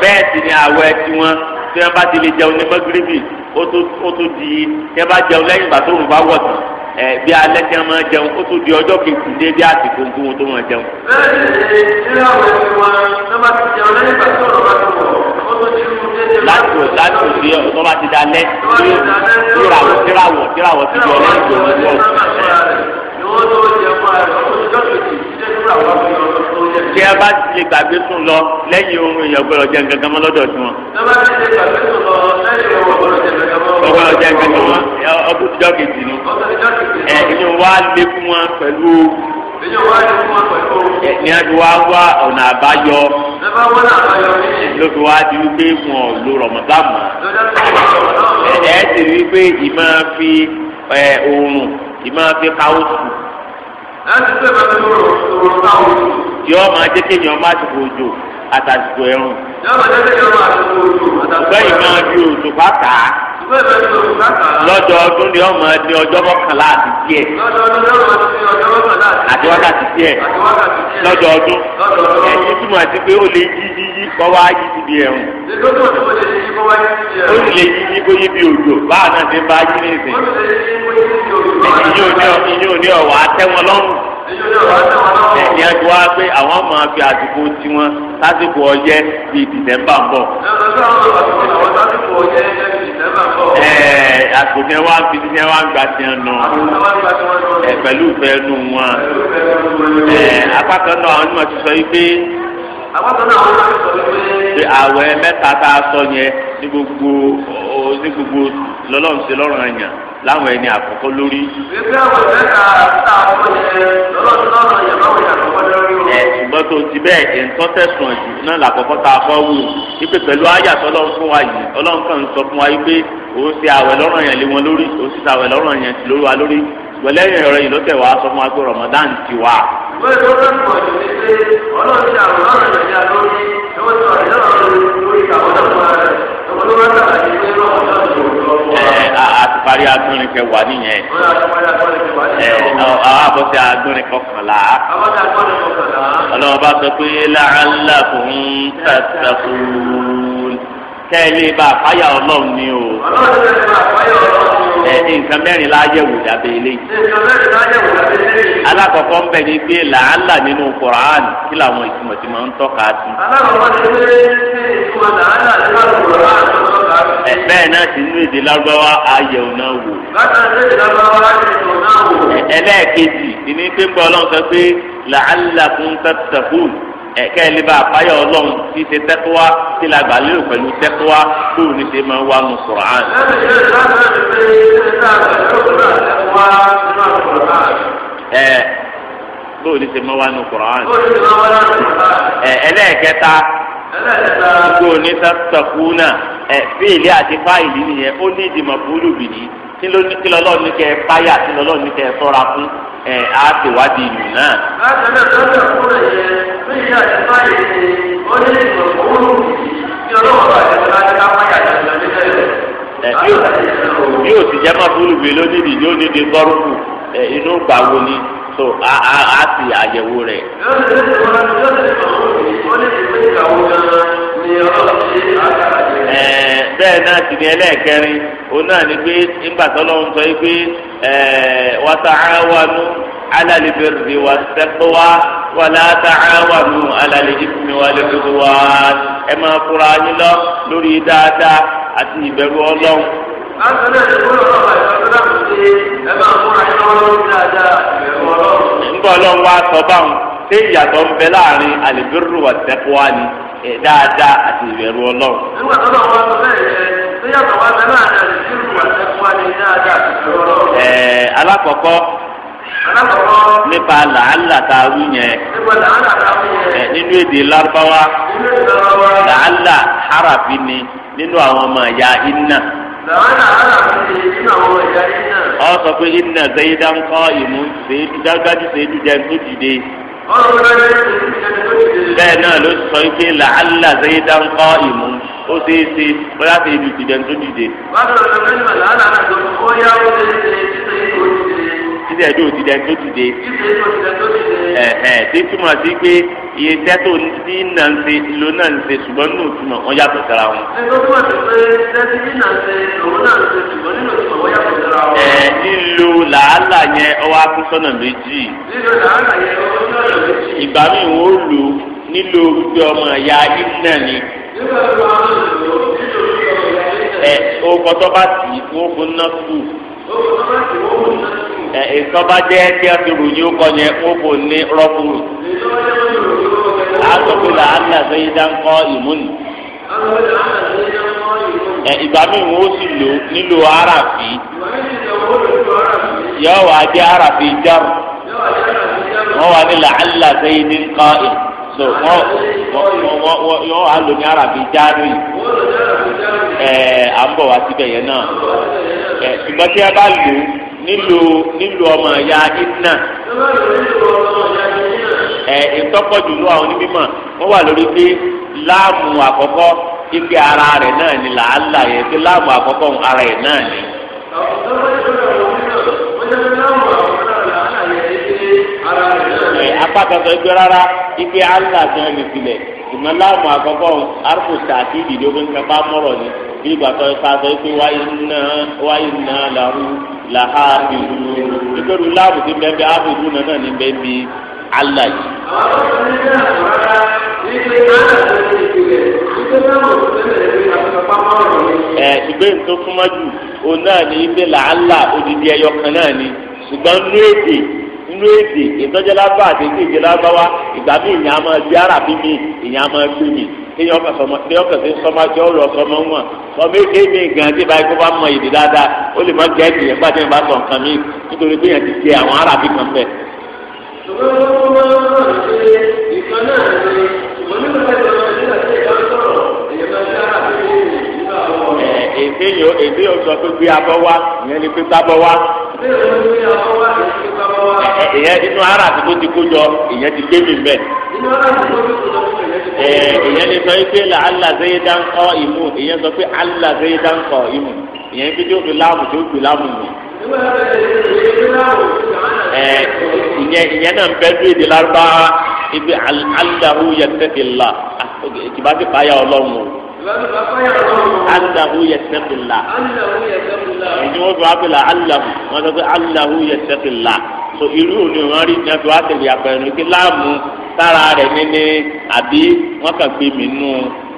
[SPEAKER 2] bẹ́ẹ̀ sì ni àwẹ̀
[SPEAKER 1] tiwọn tí wọ́n bá ti lè jẹun ní mọ́gírẹ́bì ó tó di tí wọ́n bá jẹun lẹ́yìn ìgbà tó rùn bá wọ̀ tán ẹ bí alẹ́ tí wọ́n máa jẹun ó tún di ọjọ́ kejì dé bí àsìkò ń tó máa jẹun. bẹ́ẹ̀ ni ìṣẹ́ àwọn ìwà tó bá ti jẹun lẹ́yìn ìgbà tó ọ̀rọ̀ bá wọ̀ ó tó ti rú déédéé. láti ò láti ò sí ọ tó bá ti dalẹ̀ tíráwọ̀ tíráwọ̀ tíráwọ̀ ti jọ lẹ́yìn ìgbà tó ọ̀rọ̀ tí a bá ti lè gbàgbé sùn lọ lẹ́yìn oorun èèyàn gbọ́dọ̀ jẹ nǹkan kan mọ́ lọ́dọ̀ tí wọn. tó bá ti lè
[SPEAKER 2] gbàgbé sùn lọ lẹ́yìn oorun gbọ́dọ̀ jẹ nǹkan kan mọ́. ọgbọ́dọ̀ jẹ nǹkan kan mọ́ ọdún tíjọ́ kejì ni. ẹ inú wa
[SPEAKER 1] lé fún wọn pẹ̀lú. inú wa lé fún wọn pẹ̀lú. ní a ti wá wá ọ̀nà àbáyọ. ẹ bá wọ́n náà àbáyọ nílẹ̀. ló fi wá di wípé wọn ò lo rọ̀mọ̀tà mọ́. ẹ ẹ ti rí pé ì
[SPEAKER 2] láti pé bàbá mi rò
[SPEAKER 1] sọ̀rọ̀ táwọn ojú. yọọ máa jẹ kéèyàn má ti kó ojú àtàsìkò ẹrùn. yọọ máa jẹ kéèyàn má ti kó ojú àtàsìkò ẹrùn. ṣùgbọ́n ìmọ̀ ojú òṣùpá kàá lọ́jọ́ ọdún ni ọmọ ẹni ọjọ́ mọ́kànlá àti díẹ̀ àti wákàtí díẹ̀ lọ́jọ́ ọdún ẹni túmọ̀ sí pé ó lè yí yíyí kọ́ wá yí ti di ẹ̀hún ó sì lè yí yí kó yí bí òjò báà náà ti bá yí nìsín ìyí ò ní ọ̀wà àtẹ́wọn lọ́rùn ẹni ẹjọ wa pé àwọn máa fi àsìkò tiwọn sásìkò ọyẹ bíi dìsẹ́mbà ń bọ̀ ẹ àkùnjẹ wa fi ti wa gba tiẹ nù ẹ pẹ̀lú fẹnu wọn ẹ eh, apákan náà àwọn onímọ̀ ti sọ yìí pé pé àwẹ̀ mẹ́ta tá a sọ yẹn ní gbogbo ní gbogbo lọ́lọ́run sí lọ́rùn ẹ̀yàn láwọn ẹni àkọ́kọ́ lórí. ìgbésẹ̀ àwọn mẹ́ta
[SPEAKER 2] tá a sọ yẹn lọ́lọ́run lọ́rùn ẹ̀yàn láwọn ẹni
[SPEAKER 1] jẹ ṣùgbọ́n tó ti bẹ́ẹ̀ ẹ̀ ń tọ́ tẹ̀sùn jù náà làkọ́kọ́ tá a kọ́ wù wípé pẹ̀lú ayàtọ̀ ọlọ́run fún wa yìí ọlọ́run kàn ń sọ fún wa wípé òun ṣe àwẹ̀ lọ́rọ̀ yẹn lé wọn lórí òun ṣe àwẹ̀ lọ́rọ̀ yẹn lórí wa lórí wẹ̀lẹ́yìn ọ̀rọ̀ yìí ló tẹ̀ wá sọ fún wa pé Ramadan ti wà. wọ́n ti wọ́n ti pọ̀ jù ní pé ọlọ́run ṣe àwẹ̀ lọ́rọ̀ yẹn lé wọn lórí ẹ̀wọ̀n ti ọ̀rẹ́ lọ́rọ̀ lórí ìkàwọ́ náà fún ara rẹ̀ parí agbórin kẹ wà nìyẹn. ẹ àwọn àbọ̀tẹ́ agbórin kọkànlá. ọlọ́run bá sọ pé làálà fún tàtàkù kẹ́lẹ́ bá àpáyà ọlọ́run ni o. ẹ nǹkan mẹ́rin láyẹ̀wò dàbẹ̀ eléyìí. alákọ̀ọ́kọ́ ń bẹ̀ ni pé làálà nínú Kùránì kí làwọn ìtumọ̀ ti máa ń tọ́ka sí.
[SPEAKER 2] alákọ̀ọ́kọ́
[SPEAKER 1] bẹ́ẹ̀ náà sì nínú èdè lágbáwá ayẹ̀wò náà wò. ẹlẹ́ẹ̀kejì ìní pé gbọ́ ọlọ́run sọ pé làálà fún tẹ́tẹ̀fún ẹ̀kẹ́ ilé bá àpáyọ̀ ọlọ́run tí ṣe tẹ́tọ́wá tí la gbà lérò pẹ̀lú tẹ́tọ́wá tó ní ṣe máa wà nù Qur'an. ẹ bó ní ṣe máa wà nù Qur'an. ẹ ẹlẹ́ẹ̀kẹta
[SPEAKER 2] tó ní
[SPEAKER 1] sàkúnà ẹ fíìlì àti fáìlì nìyẹn ó ní ìdìmọ̀ búrú bì ní kí lọ́lọ́ ní kẹ́ ẹ báyà kí lọ́lọ́ ní kẹ́ ẹ sọ́ra fún ẹ á ti wádìí ìlú náà. láti ọjọ́ tó ń bẹ̀ fún ẹ̀yẹ fíìlì àti
[SPEAKER 2] fáìlì ó ní ìdìmọ̀ búrú bì ní kí ọlọ́wọ́ bá ti sọ́ra ká báyà kí lọ́lọ́ ní kẹ́ ẹ yóò ti jẹ́ mọ́ búrú
[SPEAKER 1] bì lónìí yóò ní di gbọ́rùkù inú gbàwo ni so a ti àyẹ̀wò rẹ̀. yóò ti bẹ́ẹ̀ náà sì ni ẹlẹ́ẹ̀kẹrin òun náà ni pé nígbà tó lọ́wọ́ ń sọ yìí pé 'ala al 'ala ẹ máa fura yín lọ lórí dáadáa àti ìbẹ̀rù ọlọ́run. láti náà ni lọ́wọ́ àìsàn tó sí ṣé ìyàtọ̀ ń bẹ láàrin àlìbírù wà tẹ́kọ̀ọ́ ni dáadáa àti ìbẹ̀rù ọlọ́run. nígbà tó lọ́wọ́ sọ bẹ́ẹ̀ yẹn ṣé ìyàtọ̀ wà bẹ láàrin àlìbírù wà tẹ́kọ̀ọ́ ni dáadáa àti ìbẹ̀rù ọlọ́run. ẹ̀ẹ́ alákọ̀ọ́kọ́ nípa làálà tá a wí yẹn nínú èdè lárúbáwá làálà harafi ni nínú àwọn ọmọ ẹ̀yà iná ọ sọ pé iná zayidan kọ́ ìmú ṣèyí dágbájú ṣèyí jẹun tó dìde bẹ́ẹ̀ náà ló sọ pé làálà zẹ́yìn dáńkọ́ ìmú ó ṣeé ṣe bóyá ṣe ibi ìdìdẹ̀ tó dìde. títí ẹ̀dọ́ òdìdẹ̀ tó dìde ẹ̀hẹ̀n tí túmọ̀ sí pé iye tẹ́tò ní nà ń ṣe ló náà ń ṣe ṣùgbọ́n nínú ìtumọ̀ wọ́n yàtọ̀ sára wọn.
[SPEAKER 2] ẹ ló túmọ̀ sí pé tẹ́tì ní nà ń ṣe lòun náà ń ṣe ṣùgbọ́n nínú ìtumọ̀ wọ́n yàtọ̀ sára
[SPEAKER 1] wọn. ẹ lílo làálà yẹn ọwọ́ akúsọ́nà méjì.
[SPEAKER 2] lílo làálà yẹn ọwọ́ akúsọ́nà
[SPEAKER 1] méjì. ìgbà míì wọ́n lò nílò wípé ọmọ ìyá ìnà ni.
[SPEAKER 2] nígbà tó bá wọn lò nílò wípé
[SPEAKER 1] ọmọ ìyá ìnà ni. ẹ ìtọ́ba jẹ́ tí a ti rù yín kọ́ yẹn ó kò ní rọ́pùrù. àtọ́kù là á nà sẹ́yìn dáńkọ́ ìmúni. ìgbà míì wọ́n ó sì lò nílò àràfí. yọ wà á jẹ́ àràfí jáàmù. wọ́n wà ní làálà sẹ́yìn dáńkọ́ ìmúni. so wọ́n wọ́n yọ wà á lò ní àràfí jáàmù yìí. ẹ̀ à ń bọ̀ wá síbẹ̀ yẹn tí a bá lò nílùú nílùú ọmọ ya ìdínà ẹ ìtọ́kọ̀jù lọ àwọn onímọ̀ wọ́n wà lórí pé láàmù àkọ́kọ́ ike ara rẹ̀ náà ni làálà yẹn pé láàmù àkọ́kọ́ ara rẹ̀ náà ni. apá kan sọ pé rárá ike allah gan ni sílẹ̀ ṣùgbọ́n láàmú àkọ́kọ́ arúgbó sàkí ìdìdógó ń kẹfà mọ́rọ̀ ni nígbà tó ń sàtọ́ pé wáyé ná làrú làhá ìlú nítorí láàmú ti bẹ́ẹ̀ bí áàbò ìlú náà ní bẹ́ẹ̀ bí Allah yìí. ẹ ìbéèrè tó súnmọ́ jù òun náà ní ibẹ̀ làálà odidi ẹyọ kan náà ni ṣùgbọ́n nú èdè nínú èdè ìtọ́jẹ́lábà àti èdè ìjẹ́lábáwá ìgbà míì ìyá máa di árabi mi ìyá máa gbé mi kéèyàn ọkàn sọmọ kéèyàn ọkàn sí sọmọ àti ọ̀rọ̀ sọmọ wọn sọmọ èké mi gan tí báyìí kó bá mọ èdè dáadáa ó lè má jẹ́ èdè yẹn gbàdé yẹn bá sọ nǹkan mi nítorí pé yẹn ti jẹ àwọn árabi kan bẹ́ẹ̀. ṣùgbọ́n ó máa ń rán ṣe ìkan náà ni
[SPEAKER 2] ṣùgbọ́n nígbà tí wọ́n ti rà sí ìbá sọ̀rọ̀ èyí máa ń dá àbí nígbà
[SPEAKER 1] wọn. èdè yóò sọ pé gbé abọ́ wá ìyẹn ni pé gbábọ́ wá. bẹ́ẹ̀ èyàn inú ara àti tó ti kó jọ èyàn ti gbé mi mbẹ. èyàn lè sọ pé làálà zéyé dáńkọ́ ìmú èyàn sọ pé àlà zéyé dáńkọ́ ìmú èyàn fi tó fi láàmù tó fi láàmù mi. Eh, ìyẹn ìyẹn náà ń bẹ tó èdè lárúbáwá ibi aláhu yẹtẹ́kìlá ìjìbá ti fàyà ọlọ́run o alahu yẹtẹ́kìlá ẹ̀yin wọ́n fi wá pè lá alahu wọ́n sọ pé alahu yẹtẹ́kìlá so irú òní wọn rí ní ẹbí wa tẹlẹ àpẹẹrẹ kí láàmú sára rẹ níní àbí wọn kàn gbé mi nù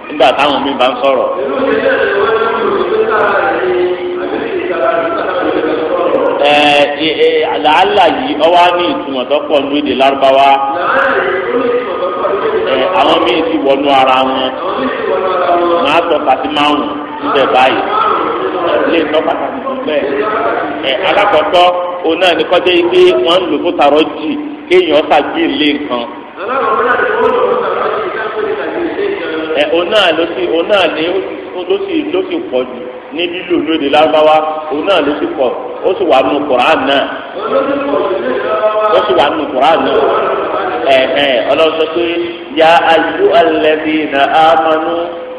[SPEAKER 1] nígbà táwọn mi bá ń sọ̀rọ̀. ẹ ẹ làálà yìí ọwọ́ á ní ìtumọ̀ tó pọ̀ ní èdè lárúbáwá ẹ àwọn míì ti wọnú ara wọn màá tọ́ka sí márùn-ún níbẹ̀ báyìí. lè tọ́ pàtàkì bẹ́ẹ̀ ẹ alákọ̀ọ́kọ́ òun náà kọ́jẹ́ pé wọ́n ń lò fún tààrọ́ jì kéèyàn ṣàgbé lé nǹkan. ẹ ló ní ló ló pọ̀ jù ní lílo lóde wà nù náà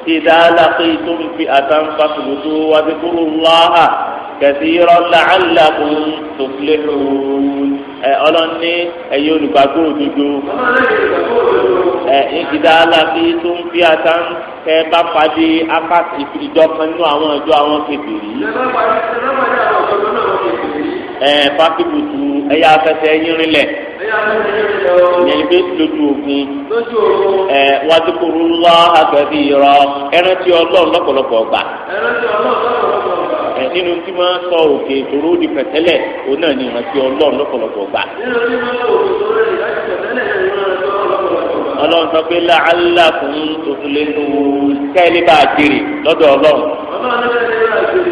[SPEAKER 1] إذا لقيتم فئة فاخلدوا واذكروا الله كثيرا لعلكم تفلحون ọlọ́ni ẹ̀yin olùgbàgbọ́ òdodo ìdá aláfi tó ń fi ata ń kẹ bá pàdé apá ìjọ kan nínú àwọn ìjọ àwọn kébèrè ẹ̀ fákìbùtù ẹ̀yà afẹsẹ̀ yín rinlẹ̀ yẹn bẹ lójú ogun ẹ wàdúkúrú ńlá àgbẹ̀bí rọ ẹran tí ọlọ́run lọ́pọ̀lọpọ̀ gbà nínú tí wọ́n sọ òkè ìṣòro di pẹ̀tẹ́lẹ̀ òun náà ni ìrántí ọlọ́run lọ́pọ̀lọpọ̀ gbà. ọlọ́run sọ pé làálà fún tòtúlẹ́nu kẹ́lẹ́ bá a jèrè lọ́dọ̀ ọlọ́run.
[SPEAKER 2] ọlọ́run ní bẹ́ẹ̀ ni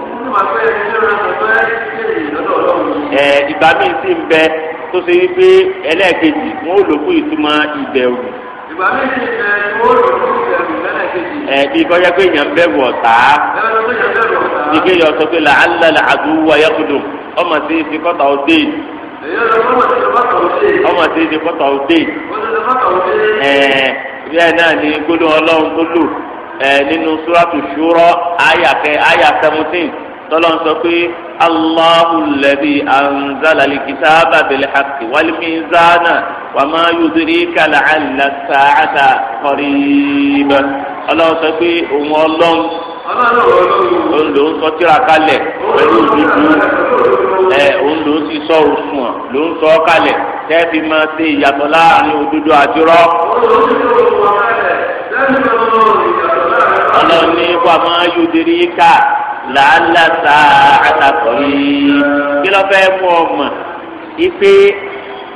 [SPEAKER 1] ẹ eh, ìgbà míì sì ń bẹ tó ṣe wípé ẹlẹ́ẹ̀kejì wọn ò lò fún ìtumọ̀ ìbẹ̀rù. ìgbà míì sì ń bẹ wọn ò lò fún ìbẹ̀rù lẹ́lẹ́kejì. Eh, bí kọjá pé èèyàn bẹ̀rù ọ̀tá. bí kéèyàn sọ pé tọ́lọ́ ń sọ pé Allahu alladhi anzala al-kitaba bil-haqqi wal-mizana wa ma yudrika la'alla as-sa'ata qarib ọlọ́run sọ pé òun ọlọ́run òun ló ń sọ tíra kalẹ̀ pẹ̀lú òdodo ẹ òun ló ń sọ òṣùwọ̀n ló ń sọ kalẹ̀ tẹ́ẹ̀fì máa ṣe ìyàtọ̀ láàrin òdodo àtirọ́ ọlọ́run ní wàá máa yudrika làálà tá àtàkọ́ yìí kí ló fẹ́ mú ọ mọ̀ ipe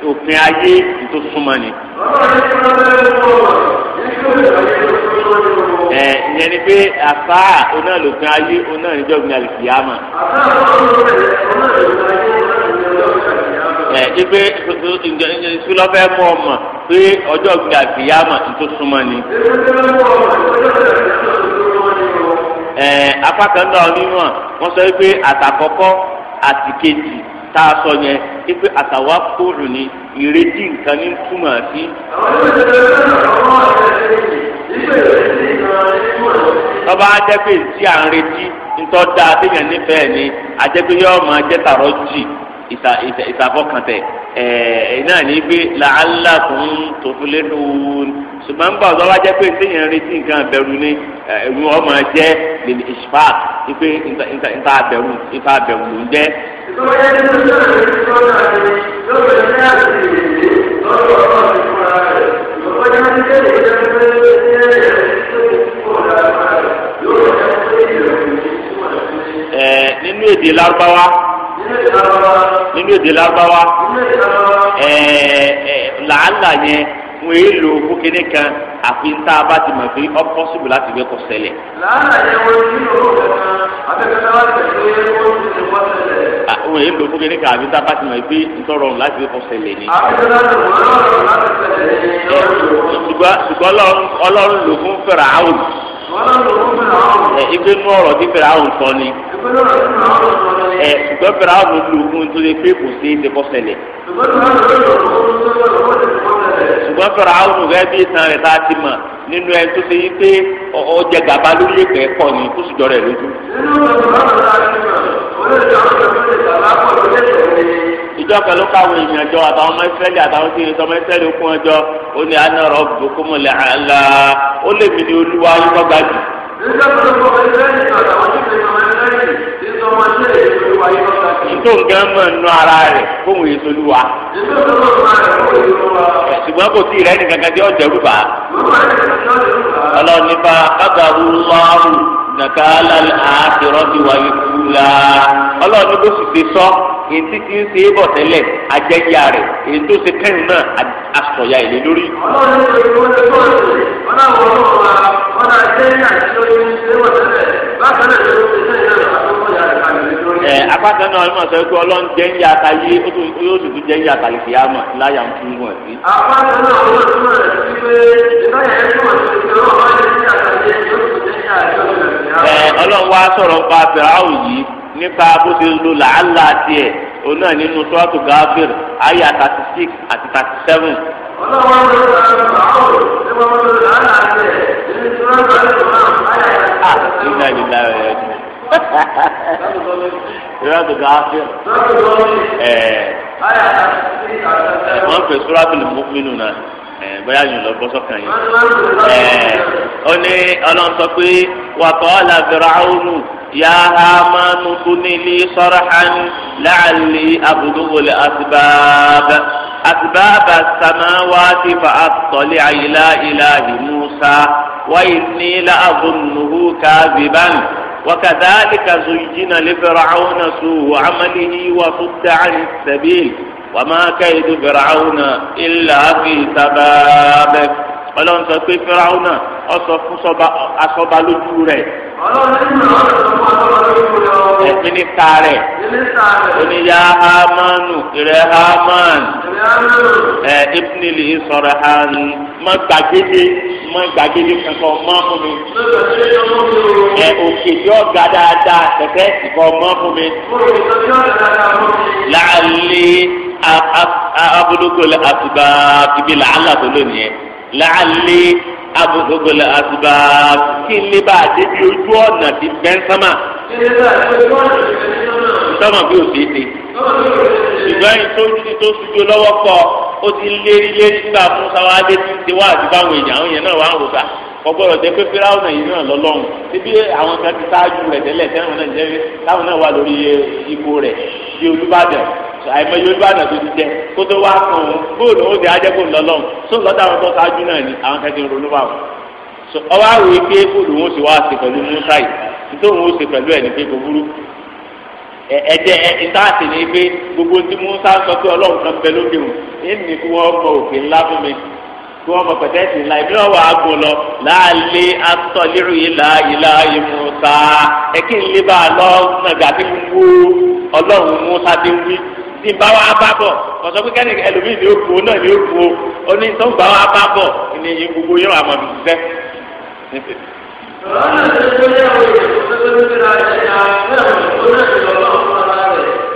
[SPEAKER 1] òpin ayé tó súnmọ́ ni. ẹ ìyẹn ni pé àfa oná lòpin ayé oná níjọ́ gbin àlìkìyàmà. ẹ ipe ìsúlọ́fẹ́ mú ọ mọ̀ pé ọjọ́ gbin àlìkìyàmà tó súnmọ́ ni ẹ apá kan náà onímọ̀ wọ́n sọ pé àtàkọ́kọ́ àti kejì tá a sọ yẹn pé àtàwá kóòrò ni ìrètí nǹkan ní túmọ̀ sí. tọ́ba á jẹ́ pé tí à ń retí ń tọ́ da téèyàn nífẹ̀ẹ́ ni àjẹpé yọ́ọ́ máa jẹ́ tààrọ́ jì ìsàfọkàntẹ ẹ náà ní pé làálà fún tòfúlẹ́nu ṣùgbọ́n nígbà tó wá jẹ́ pé téèyàn retí nǹkan bẹ̀rù ni ẹ̀rù ọmọ jẹ́ lèlè ìṣfàt ipe nta bẹ̀rù nta bẹ̀rù ló ń jẹ́. nínú èdè lárúbáwá nínú èdè lágbáwá làálà yẹn wọn èé lo kókéné kan àfi ń tá a bá ti mọ̀ pé ọ pọ́sibù láti gbé kó ṣẹlẹ̀.
[SPEAKER 2] làálà yẹn wọn èé lo kankan abẹ́kẹ́ta wá tẹ̀lé
[SPEAKER 1] ó ti lè wá ṣẹlẹ̀. àwọn èé lo kókéné kan àfi ń tá a bá ti mọ̀ pé ntọ́rọrùn láti gbé kó ṣẹlẹ̀ ni. ṣùgbọ́n ọlọ́run lò fún fẹ̀rẹ̀ àwọn
[SPEAKER 2] ẹ
[SPEAKER 1] ìgbé nú ọ̀rọ̀ tí fẹrẹ àwọn sọ ni ẹ ṣùgbọ́n fẹrẹ àwọn lu fún tó lè pé kò sí ìdè kọsẹlẹ ṣùgbọ́n fẹrẹ àwọn rẹ bí ìtàn rẹ tá a ti mọ nínú ẹ tó ṣe yí pé ọjà gàba lórí ẹgbẹ kọ ni kó sì jọ rẹ lójú. ìjọ pẹ̀lú káwọn èèyàn jọ àtàwọn ọmọ ìfẹ́lẹ̀ àtàwọn tí ìrìnsọ ọmọ ìfẹ́lẹ̀ ó kún ọjọ́ ó ní àná rọ bùkú mu lẹ àlá ó lè mi ní olúwa yín kọ́ ga jù. Ìtò nǹkan mọ̀ nù ara rẹ̀ fóun èso olúwa. Ṣùgbọ́n kò sí ìrẹ́ni kankan tí ó jẹ̀rú bá. Ọlọ́run nípa kábàrú lọ́rùn nàkàlà àkìrọ́bì wáyé kú rọ̀sùlà ọlọ́run ní bó sì ti sọ èyí tí ń ṣe é bọ̀ tẹ́lẹ̀ ajẹ́yà rẹ̀ èyí tó ṣe kẹ́rin náà aṣọ̀yà ìlé lórí.
[SPEAKER 2] ọlọ́run ní ìlú ti kọ́ ọ̀sẹ̀ ọlọ́run ọ̀rọ̀ wa wọn náà jẹ́ àìsí oyin ṣe é bọ̀ tẹ́lẹ̀ bákan náà ló ṣe ṣe
[SPEAKER 1] ẹ apáta náà ọlọmọ sọ pé Ọlọ́run jẹ ń yá ata yé ó sì tún jẹ ń yá ata lè fi á mọ láyà ń fún wọn sí. apáta náà ọlọmọ sọ pé ìbáyà ẹ tó wọn sí ìṣòro ọmọ yẹn ń yá ata yé ó sì tún jẹ ń yá ata lè fi á mọ. ọlọ́run wá sọ̀rọ̀ pa fìràwù yìí nípa bó ti lo làálàá tiẹ̀ òun náà nínú sọ́ọ̀tù gáfíìr àyà 36 àti 37 seven.
[SPEAKER 2] sọ̀rọ̀ nípa bó
[SPEAKER 1] lo tiẹ̀ ẹ bóyá yìí lọ bọ́ sọ́kàn
[SPEAKER 2] yìí ẹ
[SPEAKER 1] ó ní ọlọ́run sọ pé wàtọ́ làbẹ̀rẹ̀ àwọnù yà á máa nu kúni ní sọ́rọ̀hán láàlì abùdókòlè àtibáàbà àtibáàbà sàmáwá ti fa àtọ̀lé àyílá ìlàhì Musa wáyé ní làbùnúhù kábíbán. وكذلك زين لفرعون سوء عمله وصد عن السبيل wàmà kẹ́hìndú fìràhùnà ilà fi sábàbẹ́ ọlọ́run sọ pé fìràhùnà ọsọ fún asọba lójú rẹ̀ mínísítà rẹ̀ oníyà hamanu ìrẹ̀ haman ẹ̀ ibnili sọ̀rọ̀ han má gbàgede má gbàgede kankan má fún mi ẹ̀ òkè tí ó ga dáadáa tẹ̀tẹ̀ ìbọn má fún mi láàlẹ́ abudugole atuba tibi làálà tó lónìí yẹn làálẹ abudugole atuba kílẹ bá a débi ojú ọ̀nà ti bẹ́ẹ̀ sámà. sọ́mà bí o tètè ṣùgbọ́n ìtòjú tó ṣojú lọ́wọ́ pọ̀ ó ti lérí lérí nígbà fún sáwá dé ti wá àti báwọn èèyàn àwọn èèyàn náà wà ń wò sá ọgbọ́dọ̀ jẹ́ pé fíráwùnà yìí náà lọ́lọ́run síbi àwọn kan ti sáájú rẹ̀ tẹ́lẹ̀ tẹ́wọ̀n náà jẹ́ táwọn náà wà lórí ipò rẹ̀ bí olúbàdàn àìmọye olúbàdàn tó ti jẹ kó tó wá kàn wọn bóòlù ó ti ajẹ́ bóòlù lọ́lọ́run sóò lọ́dọ̀ àwọn tó sáájú náà ni àwọn kan ti ń ronú báwọn. ọwọ́ àwò yìí pé bóòlù wọn ti wá sí pẹ̀lú musa yìí nítorí wọn ó sì pẹ̀lú ẹ̀ ní pé kò burú ẹ̀ẹ́dẹ́ ìtaàtì ní pé gbogbo tí musa sọ pé ọlọ́run kan bẹ lókè wọn èmi kí tí wọn bọ pẹtẹ sí ńlá ìbílẹ̀ wà á gbó lọ láàlẹ atọ́lérò ìlà ìlà ìmùsà ẹ kí n lè bá a lọ nàgà tí ń wú ọlọ́run Mùsá ti wí tí n bá wa bá bọ̀ ọ̀sọ́ pé kẹ́ni ẹlòmíì ni ó náà ni ó ó ní tó ń bá wa bá bọ̀ ní iye gbogbo yẹn wà á mọ̀ mí sẹ́. ọ̀rọ̀
[SPEAKER 2] náà ti ṣe pé yẹ́wò ìṣòro tó ń bẹ̀rẹ̀ àṣẹ àwọn ẹ̀rọ ìṣòro náà ti lọ́wọ́.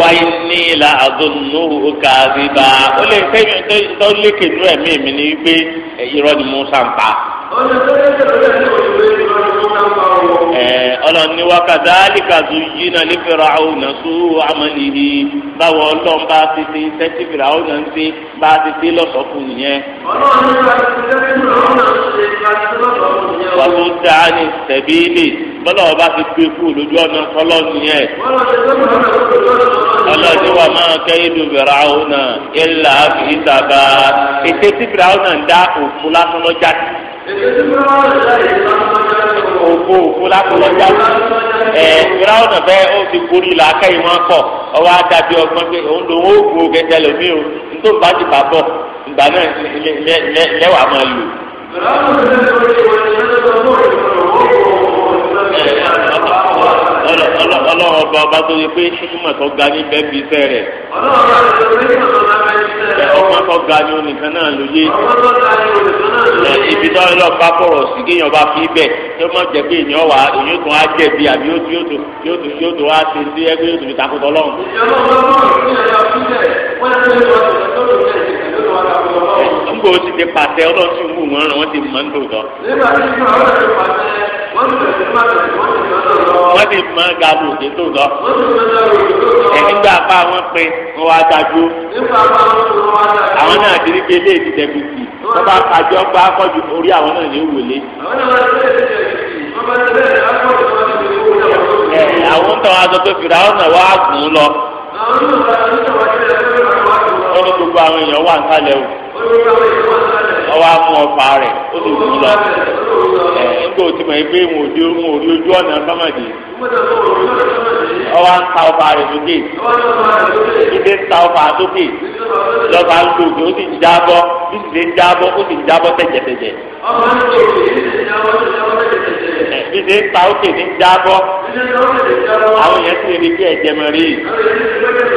[SPEAKER 2] wáyé
[SPEAKER 1] ní ilà àdónú kàdíbà ó lè fẹ́ tó lékè nú ẹ̀mí mi ni wípé irọ́ ni Musa ń pa. ọlọ́run ní wákàtí alikazu yìí náà ní Firaun náà sún amalihi ọlọ́run bá ti ti sẹ́tì Firaun náà ń ti bá ti ti lọ́sọ̀kùn yẹn. ọlọ́run ní wákàtí ní sẹ́bílì bọ́lá ọba ti gbé kú lójú ọ̀nà tọ́lọ́ nìyẹn.
[SPEAKER 2] wọ́n lọ sí sọ́kùnrin náà lójú ọ̀nà ọlọ́ọ̀ni wà
[SPEAKER 1] máa kẹ́yìndù fìràwọ̀ náà ilà fi sábà ètè tí fìràwọ̀ náà ń dá òfu lásán lọ́jà tì.
[SPEAKER 2] òfu òfu lásán lọ́jà tì.
[SPEAKER 1] ẹ fìràwọ̀ náà bẹ́ẹ̀ ó ti borí la kẹ́yìn wọn kọ̀ ọwọ́ adájọ́ ọgbọ́n pé òun lòun ó gbó gẹ́gẹ́ lómi o nítorí bá ti bà bọ̀ ìgbà náà lẹ́wàá máa lò. fìràwọ̀ náà ọlọ́wọ́ bá ọba tó yẹ pé ṣíkúmọ̀ tó ga ní bẹ́ẹ̀ bí iṣẹ́ rẹ̀. ọmọ tó ga ní onìkan náà ló yé. ibi tó ń lọ bá fọ̀rọ̀ sí kéèyàn bá fi bẹ̀ tó má jẹ́ pé èèyàn wà èèyàn tó á jẹ̀bi àbí yóò tó wá ṣe sí ẹgbẹ́ yóò tó fi takùtọ̀ lọ́hùn. nígbà ó sì ti wọ́n ti ń wọ́n sì mọ gàdù òde tó lọ. ẹ̀nígbà pa àwọn pin wọn wá dájú. àwọn náà ti rí pé ilé ìdíje gbèsè wọ́n bá kájọ gbá kọ́jú orí àwọn náà ní òwòlé. àwọn tó wá sọ pé fìdáwọ́n náà wá gùn ún lọ. wọ́n ní gbogbo àwọn èèyàn wà ń kálẹ̀ o. ọwọ́ á mú ọ̀pá rẹ̀ ó sì gùn ún lọ tó o ti mọ̀ pé wọn ò di wọn ò rí ojú ọ̀nà sọ́mọ̀dé ọwọ́ ń ta ọba rẹ̀ lókè ìdè ń ta ọba lókè lọ́ba ń lo òkè ó sì ń jábọ́ ó sì lè ń jábọ́ ó sì ń jábọ́ tẹ̀jẹ̀tẹ̀jẹ̀ ìdè ń ta òkè ní ń jábọ́ àwọn yẹn ti rí bí ẹ̀jẹ̀ mọ̀ rí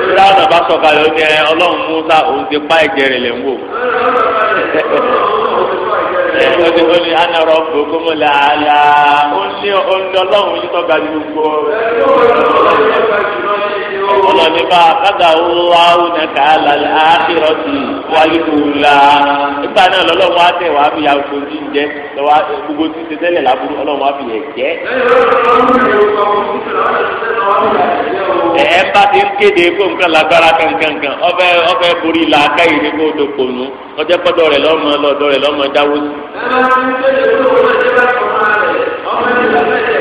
[SPEAKER 1] ìrọ̀ ọ̀nà bá sọ̀kalẹ̀ ó ní ọlọ́run mú sá òun ti pa ẹ̀jẹ̀ rẹ̀ lẹ́ ń e ti ó ní anarọ̀ gbogbo mu làálàá ó ní ọlọ́run yìí tó ga ọlọ́ni bá kága owó awúnẹ̀ká lálẹ́ àkìrọ̀ sí wálíkùlá. nígbà náà lọ́lọ́mọ àtẹ̀ wàá fi yàwó tó ti ń jẹ lọ́wọ́ eh, gbogbo tí ń ṣe tẹ́lẹ̀ lábúrú ọlọ́mọ àfi yẹ jẹ́. ẹ bá ti ń kéde kó nǹkan lágbára kankankan ọbẹ̀ ọbẹ̀ borí làákà yìí ní kó tó kònú ọjọ́ pọ́dọ̀ rẹ̀ lọ́mọ lọ́dọ̀ rẹ̀ lọ́mọ jáwó sí. ẹ bá ń kéde kó
[SPEAKER 2] nǹkan lágbára kankankan ọbẹ̀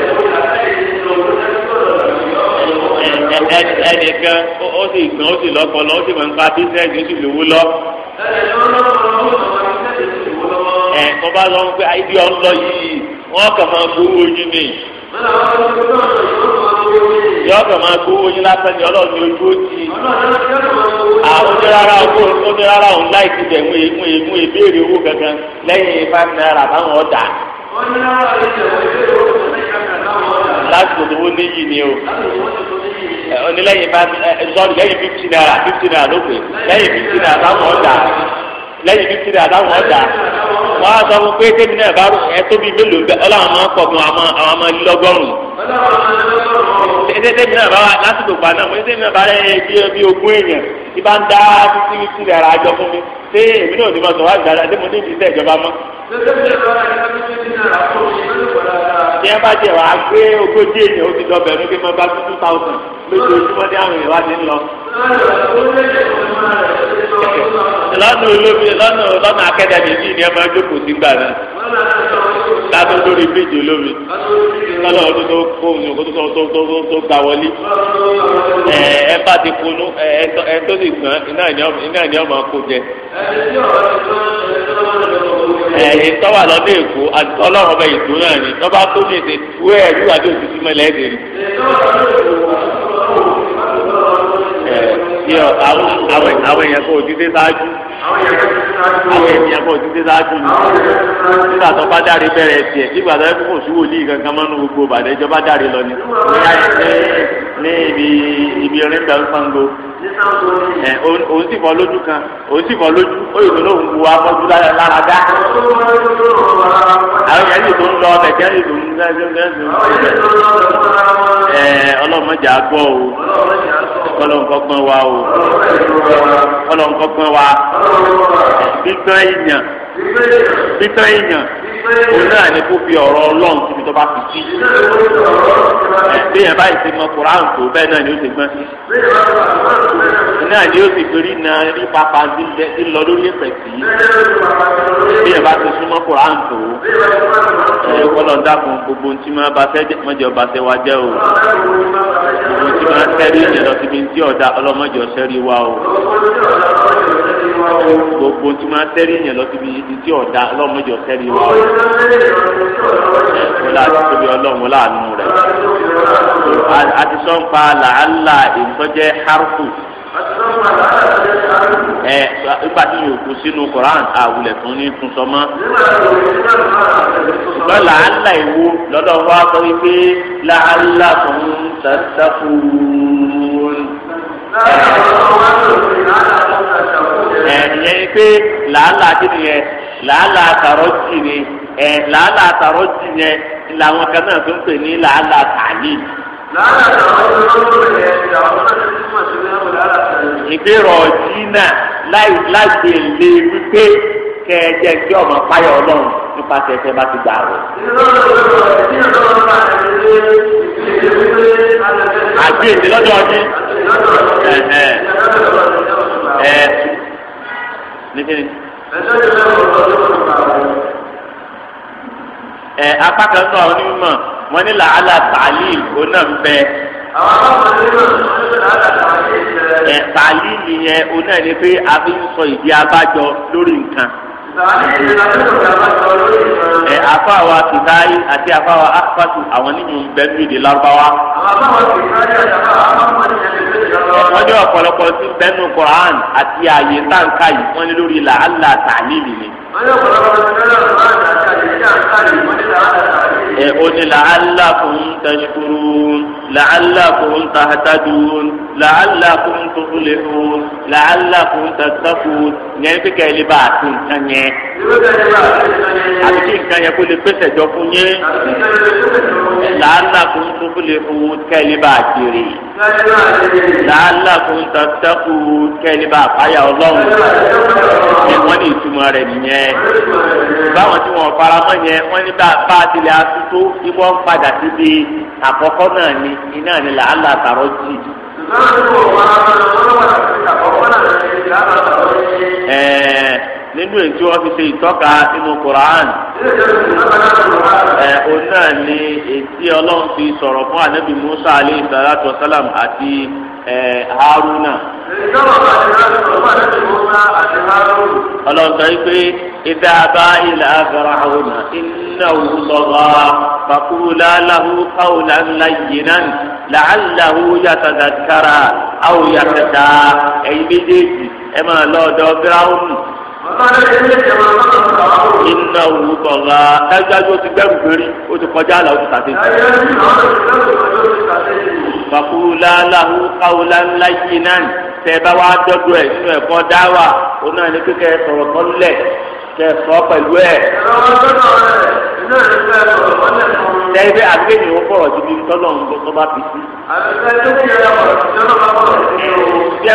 [SPEAKER 1] ẹnìkan ó sì gbọ́n ó sì lọ́kọlọ ó sì mọ̀ nípa bísíǹsì ó sì lówó lọ. ẹ tó bá lọ pé ibi ọ̀ ń lọ yìí wọ́n kàn máa gbowó ojú ni. yọ kàn máa gbowó ojú lásán ni ọlọ́run ní ojú ó àwọn onírara owó onírara òun láì ti mú èémú èémú ìbéèrè owó gangan lẹ́yìn five naira báwọn ọ̀dà. onírara ìjọba ìbéèrè owó lásìkò tó wọ́n níyì ni o onílẹ̀yìn bá sọ́ọ̀dì lẹ́yìn fifty naira fifty naira ló pè lẹ́yìn fifty naira táwọn ọ̀dà lẹ́yìn fifty naira táwọn ọ̀dà wọ́n á sọ fún pé tèmi náà bá ẹ tóbi mélòó bẹ́ẹ̀ ọlọ́run máa ń pọ̀ fún àwọn ọmọ lílọ́gọ́rùn-ún. tèmi náà bá wà lásìkò pa náà mo ní tèmi náà bá rẹ̀ bí ogún èèyàn tí bá ń dá títí títí rẹ̀ ara jọ fún mi ṣé èmi náà ò ní máa sọ wá ìdára ṣé mo ní ìdílé ìjọba mọ́. tí ẹ bá jẹ wá gbé ogójì èèyàn ó ti dọbẹ̀ ní kí wọ́n bá two thousand lójoojúmọ́ ní àwọn ìwádìí ń lọ lọ́nà olómi lọ́nà lọ́nà akẹ́dàmì yìí ni ẹ máa jókòó sí gbà náà látọ̀ lórí bíríjì olómi lọ́nà ọdún tó kó ohun tó tó tó tó tó gbà wọlé ẹ ẹ bá ti kunú ẹ ẹ tó sì gbọ́n iná ìní ọmọ kó jẹ. ẹ ìtọ́wà lọ́nà èkó àti ọlọ́run ọbẹ̀ ìdúró náà ni tọ́ba tó ní ètè tú ẹ̀ nígbà tó ti símọ́ ilẹ̀ ẹ̀ bí ọ àwọn èèyàn kò dídé sáájú àwọn èèyàn kò dídé sáájú ni nígbà tó bá dárí bẹ̀rẹ̀ tiẹ̀ nígbà tó yẹ kó kò sí wòlíì kankan mọ́nú gbogbo bàdẹ́jọ́ bá dárí lọ ni ní ibi ibi erin bẹ̀rù pango òun sì fọ́ lójú kan òun sì fọ́ lójú ó yòókù náà òun bu afọ́jú lára dá. àwọn yẹn yìí tó ń lọ ọbẹ̀ jẹ́ yìí tó ń gbẹ́gbẹ́gbẹ́. ọlọ́mọdé àgbọ̀ o ọlọ́mọkọ́gbọ́n wa o ọlọ́mọkọ́gbọ́n wa gbígbọ́n ìyàn títàn èèyàn òun náà ni kó fi ọ̀rọ̀ ọlọ́run síbi tó bá fi jí. béèyàn báyìí ti mọ koran tó bẹ́ẹ̀ náà ni ó ti gbọ́n sí. náà ni ó ti gbérí náà rí pápá ti lọ lórí ẹ̀pẹ̀ sí. béèyàn bá ti súnmọ́ koran tó. ẹ̀yọ́ kọ́lọ̀ ń dákun gbogbo ohun tí máa bá fẹ́ mọ́jọ bá fẹ́ wá jẹ́ o.
[SPEAKER 2] gbogbo ohun tí máa ń tẹ́rí ìjẹ́
[SPEAKER 1] lọ síbi tí ọ̀dà ọlọ́mọdé ọ̀sẹ́ rí wa o. gbogbo tí máa tẹ́rí yẹn lọ síbi ibi tí ọ̀dà ọlọ́mọdé ọ̀tẹ́rí wọn. ẹ̀kọ́ láti tóbi ọlọ́run láàánú rẹ̀. àti sọ́npa làálà harfu. ẹ tí sínú koran àwùlẹ̀ tún ní ṣùgbọ́n làálà lọ́dọ̀ wa sọ làálà tún ẹ ìyẹn pé làálàá kí nìyẹn làálàá àtàrọ jì ni ẹ làálàá àtàrọ jì yẹn làwọn kan náà pè ní làálàá tààlì.
[SPEAKER 2] làálàá àtàrọ jì ló ń pè ní àwọn
[SPEAKER 1] ní ìbéèrè náà láì láti lè nífẹ̀ẹ́. ẹjọ́
[SPEAKER 2] yìí lẹ́nu ọ̀dọ́ yóò tó bá rẹ̀.
[SPEAKER 1] ẹ apá kan náà onímọ̀ wọn ní làálà tàlíl oná ń bẹ. àwọn alábọ̀dé yóò tó ní làálà tàlíl yẹn. ẹ tàlíl yẹn oná ni pé a fi ń sọ ìdí abájọ lórí nǹkan ẹ afa wa kitayi àti afa wa akpatu àwọn nínú bẹ́ẹ̀ ní èdè Lárúbáwá. wọ́n jẹ́ ọ̀pọ̀lọpọ̀ sí bẹ́ẹ̀ nù Quran àti ààyè táǹkà yìí wọ́n ní lórí làálàá tàlímì ni ẹ oni la'allakum tashkurun la'allakum tahtadun la'allakum tuflihun la'allakum tattaqun yẹn fi kẹ́ ilé bá a ti nǹkan yẹn àti kí nǹkan yẹn kó lè pèsè jọ fún yẹn la'allakum tuflihun kẹ́ ilé bá a jèrè làálà kò ń tàbítakù kẹ́lí bá àpáyà ọlọ́run ni wọ́n ní ìtumọ̀ rẹ̀ nìyẹn báwọn tí wọ́n faramọ́ yẹn wọ́n ní bá a tilẹ̀ atútó ìwọ́n ń padà síbi àkọ́kọ́ náà ni iná ni làálà tààrọ́ jì. ẹ̀ẹ́ nínú ètò ọ́fíìsì ìtọ́ka nínú Quran ẹ̀ òun náà ni ètí ọlọ́run fi sọ̀rọ̀ fún anabi Musa alayhi salatu wa salam àti Haruna. ọlọ́run sọ pé ìdá bá ilà abẹ́rẹ́ Haruna iná òun lọ́wọ́ fakula lahu qawlan layyinan la'allahu yatadhakkara aw yakhsha ẹ̀yin méjèèjì ẹ máa lọ́ọ́dọ̀ Fíráúnù iná òwú kọ̀ọ̀gá dájúdájú ó ti gbẹ́rù gbérí ó ti kọjá àlà ó ti tàbí. fàkúlá láhu káwùlá ńlá yìí náà tẹ bá wàá dọ́dọ̀ ẹ̀ nínú ẹ̀kọ́ dáwà ó náà ní kíkẹ́ sọ̀rọ̀ kọ́lẹ̀. kẹ sọ pẹ̀lú e. Tẹ́lifí àgbẹ̀ ju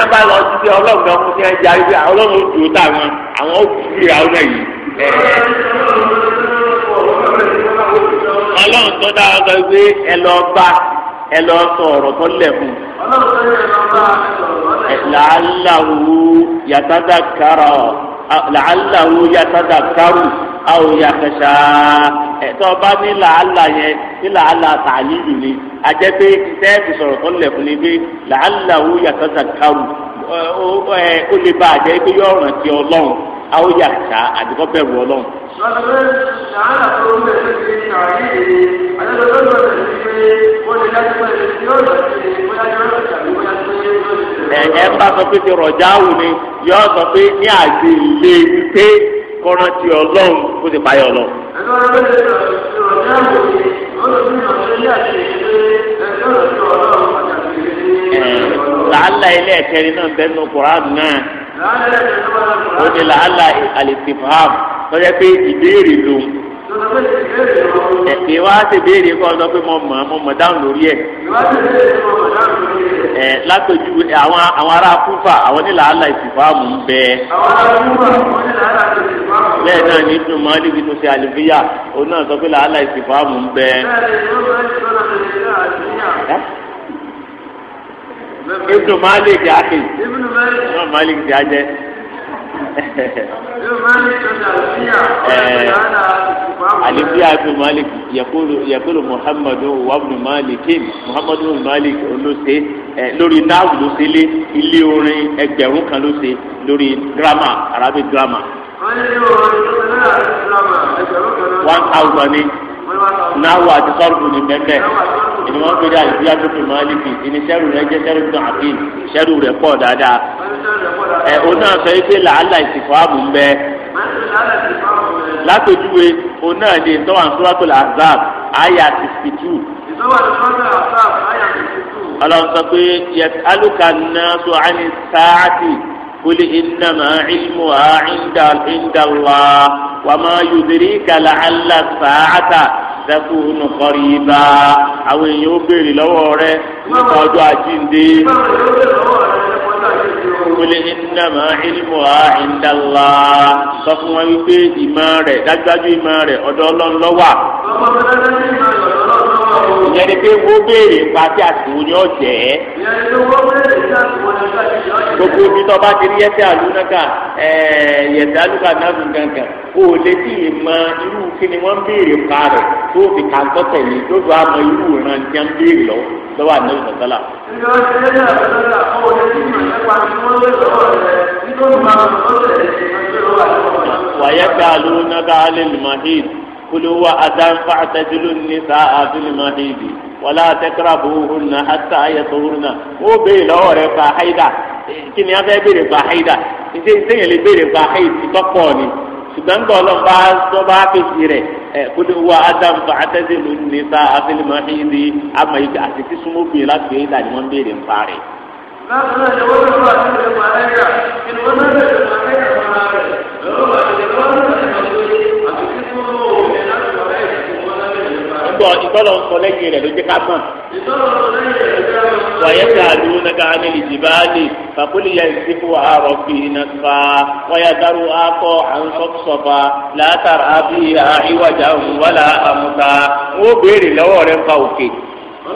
[SPEAKER 1] a bá lọ sí ọlọ́run náà mú kí ẹ jarí bí ọlọ́run ó dùn táwọn àwọn ó kú ìrà Ọlọ́run tó dára sọ pé ẹ lọ bá ẹ lọ sọ ọ̀rọ̀ tó lẹ̀ Ọlọ́run tó yẹ lọ bá ẹ sọ̀rọ̀ tó làálà wo yàtàdà kárù àwọn yàtàṣà ẹ̀tọ́ bá ní làálà yẹn ní làálà tààlílù ni àjẹpé tẹ́ẹ̀tì sọ̀rọ̀ tó lẹ̀ fún mi pé làálà wo yàtàdà kárù ó lè bá àjẹ́ pé yóò ràn ti ọlọ́run àwọn yàtàṣà àdìgbọ́ bẹ̀rù ọlọ́run.
[SPEAKER 2] sọ́dọ̀ làálà tó ń bẹ̀rẹ̀ sí àyè àyẹ̀lẹ́ lọ́dọ̀ rẹ̀ sí pé wọ́n lè dájú pé yóò rẹ̀ sí bóyá yóò rẹ̀ sí àbí bóyá tó yẹ ẹ ẹ
[SPEAKER 1] bá sọ pé ti rọjà wù ni yọ sọ pé ní àgbè lè wípé kọ́rántì ọlọ́run kó ti báyọ̀ lọ. làálà ilé ẹ̀kẹ́rin náà bẹ́ẹ̀ nù koran náà ó ní làálà àlìsífàm lọ́jọ́ pé ìbéèrè lòun ẹ wá ṣe béèrè kọ́ sọ pé mo mọ̀ mo mọ̀ dáhùn lórí ẹ̀. ẹ lápẹjù àwọn àwọn ará kúfà àwọn nílà àlà ìsìfàmù ń bẹ. bẹ́ẹ̀ náà ní ibùdó mọ́lì bí tó ṣe àlùfíà òun náà sọ pé làálà ìsìfàmù ń bẹ. ibùdó mọ́lì kí á kì mọ́lì kí á
[SPEAKER 2] Eh, alifi abu
[SPEAKER 1] malik yakulu muhammadu wabnu malikin muhammadu malik ló ṣe eh, lórí náàwù ló ṣe lé ilé orin ẹgbẹ̀rún kan ló ṣe lórí girama arabic girama. wọ́n ní ilé orin ẹgbẹ̀rún kan ló ṣe. one thousand ní náàwù àti sọ́ọ̀bù ní ìní wọn pèrè àlùfíà tó fi máa lìkì ìní sẹ́rù rẹ jẹ́ sẹ́rù tó àfi sẹ́rù rẹ pọ̀ dáadáa ẹ o náà sọ yìí pé làálà ìsìnkú ààbò ń bẹ lápèjúwe o náà ní ìtọ́wà ń sọ́wọ́ tó là azab àyà sixty two.
[SPEAKER 2] ìtọ́wà ń sọ́wọ́ tó là azab àyà sixty two.
[SPEAKER 1] ọlọ́run sọ pé yẹtàlùkà náà sọ àní sáàtì kuli innama ilmu ha inda inda Allah wa ma yudrika la'alla takunu qariba àwọn èèyàn ó béèrè lọ́wọ́ rẹ nípa ọjọ́ àjíǹde. qul innama ilmuha indallah sọ fún wọn wípé ìmọ̀ rẹ̀ dájúdájú ìmọ̀ rẹ̀ ọ̀dọ̀ Ọlọ́run wà. ìyẹn ni pé wọ́n béèrè nípa tí àsìwò ni ó jẹ́. ìyẹn
[SPEAKER 2] ni wọ́n béèrè nípa tí
[SPEAKER 1] gbogbo omi tó bá ti rí yẹtẹ àlùnáka yẹtẹ àlùkà nàbù gangan kó o lè tí ì mọ irú kí ni wọ́n béèrè pa rẹ̀ tó fi kà ń tọ́tẹ̀ yìí tó fi àmọ́ irú ìran tí wọ́n ń béèrè lọ lọ́wọ́ ànábì sọ̀tọ́là. wàyẹ̀ pé alẹ́ kulu wa adan fa'tadilu nisaa fil mahidi wala takrabuhunna hatta yatahurna o be lo re fa haida kini a fẹ́ bèrè fa haida nse nse yẹn lè bèrè fa haidi tọpọ ni ṣùgbọ́n gbọ́ lọ bá tó bá fèsì rẹ̀ ẹ kulu wa adan fa'tadilu nisaa fil mahidi ama yìí àti tí súnmọ́ bìí láti fi haida ni wọ́n bèrè fa
[SPEAKER 2] rẹ̀. láti ṣe wọ́n ti wá sí ìlú àlẹ́ yà kí ni wọ́n náà lè ṣe wọ́n náà lè ṣe wọ́n náà lè ṣe wọ́n náà lè ṣe wọ́n náà lè ṣe gbọ́ ìtọ́lọ̀
[SPEAKER 1] ń sọ lẹ́yìn rẹ̀ ló jẹ́ ká mọ̀. wàyẹ̀ ká ló ń ga ní ìdìbàlì fàkúlì yẹn ti fún wa àrọ̀ bí iná fa wáyà dáró akọ àwọn sọ́kùsọ̀fà látara àbí àìwájà òun wàlà àmúta. wọ́n béèrè lọ́wọ́ rẹ̀ fa òkè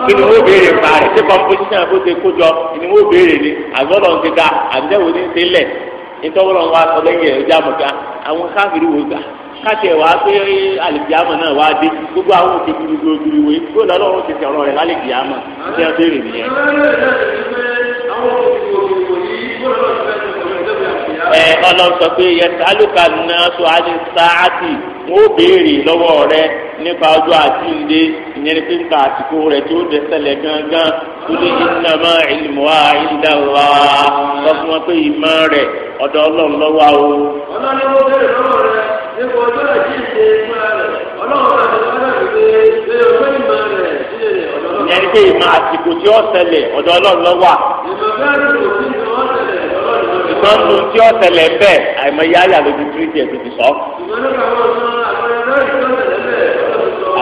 [SPEAKER 1] kí ni wọ́n béèrè pa rẹ̀ ṣé kọ́mpósíṣàn bó ṣe kójọ ni wọ́n béèrè ni àgbọ̀dọ̀ ń ti ga ní ti lẹ̀ nítorí wọn ẹ̀ káṣí ẹ̀ wá pé alìkìyàmọ̀ náà wá dé gbogbo àwọn òkè gbúgbúgbúrú wé kó lọ́lọ́run ti fi ọ̀rọ̀ rẹ̀ lálìkìyàmọ̀ ṣé ẹ béèrè nìyẹn. ẹ ọlọ́run sọ pé yẹta lóka náà sọ àti sáàtì wọn ó béèrè lọ́wọ́ rẹ nípa ọjọ́ àtúndé ìyẹn ní pípa àsìkò rẹ tí ó dẹsẹlẹ gángan tó lè innama ilmuha inda Allah wọn pé ìmọ̀ rẹ ọ̀dọ̀ Ọlọ́run ló wà o. ló bẹ̀rẹ̀ lọ́wọ́ rẹ ipò ọjọ́ àjíǹde fúnra rẹ̀ ọlọ́run àti ọlọ́run àti ṣe ọjọ́ ìmọ̀ rẹ̀ ṣe ọ̀dọ́ ọlọ́run. ìyẹn pé ìmọ̀ àsìkò tí ó ṣẹlẹ̀ ọ̀dọ̀ ọlọ́run ló wà.
[SPEAKER 2] ìmọ̀ bẹ́ẹ̀ ni kò sí ìmọ̀ ọ̀ṣẹlẹ̀
[SPEAKER 1] ọ̀dọ̀ ọlọ́run. ìmọ̀ nu tí ó ṣẹlẹ̀ ń bẹ̀ àìmọye ayà lójú tírídì ẹ̀ tó sọ.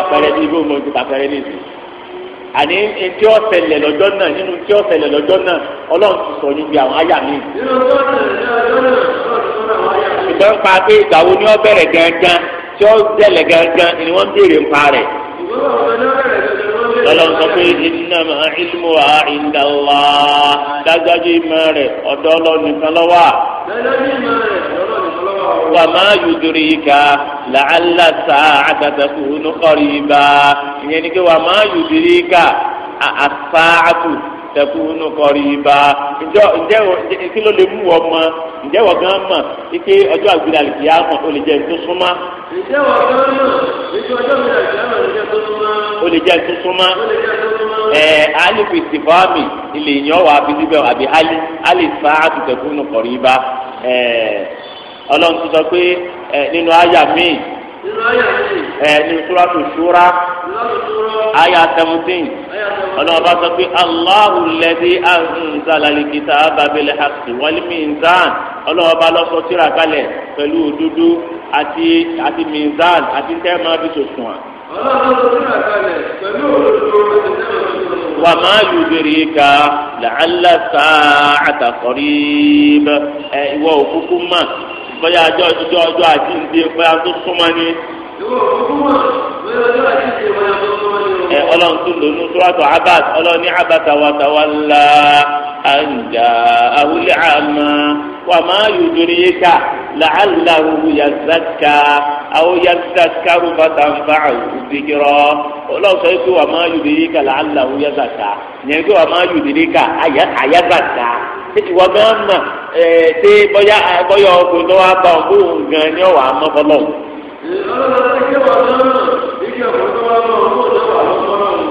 [SPEAKER 1] àpẹẹrẹ ní ibò mo ti pàpẹrẹ ní ìsìn àní tí ó ṣẹlẹ̀ lọ́jọ́ náà nínú tí ó ṣẹlẹ̀ lọ́jọ́ náà ọlọ́run ti sọ níbi àwọn ayà mi. nínú
[SPEAKER 2] tí ó ṣẹlẹ̀ lọ́jọ́ náà
[SPEAKER 1] ẹ̀kọ́ ń pa pé ìgbà wo ni wọ́n bẹ̀rẹ̀ gangan tí wọ́n tẹ̀lẹ̀ gangan ni wọ́n béèrè ń pa rẹ̀. lọ́lọ́run sọ pé innama ilmuha inda Allah dájájú ìmọ̀ rẹ̀ ọ̀dọ̀ Ọlọ́run nìkan ló wà. wa ma yudrika la'alla as-sa'ata takunu qariba ìyẹn ni pé wa ma yudrika as-sa'atu. tẹkùnú kọrí ibà ǹjọ́ ǹjẹ́ kí ló lè mú wọ́n mọ ǹjẹ́ wọ́n gan mọ̀ ike lè ike ọjọ́ tó súnmọ́. lè súnmọ́. ẹ ilé ìyàn wà fi síbẹ̀ àbí ali kọrí ibà ọlọ́run ti sọ ẹni suratu shura aya seventeen ọlọ́ọ̀bá sọ pé Allahu lẹ́dí anzalali kitaba bil haqqi wal mizan ọlọ́ọ̀bá lọ́sọ̀ tíra kalẹ̀ pẹ̀lú òdodo àti àti mizan àti tẹ́ máa fi sòsùn à.
[SPEAKER 2] ọlọ́ọ̀bá lọ́sọ̀ tíra kalẹ̀
[SPEAKER 1] làálà sàá àtàkọ́rí ẹ ìwọ òkúkú mà bóyá ọjọ́ ọjọ́ ọjọ́ àti ìdè bóyá tó súnmọ́ ni. ẹ ọlọ́run tó lò ní sọ́wọ́tò abas ọlọ́run ní abasa wa tawalla anja ahuli ama wàmà yòdòríyéka làálàrú yazaka àwọn yazaka rúbàtà nfààwù zikirọ ọlọ́sọ ètò wàmà yòdòríyéka làálàrú yazaka yẹn tó wàmà yòdòríyéka àyazaka ìwọ gán mà ẹ ṣé bóyá bóyá ọkùnrin tó wà bá ọkọ òun gan ni ọwà mọfọlọ. ìlànà ìjọba náà ìjọba tó wà bá ọkọ òun náà wà lọ́wọ́.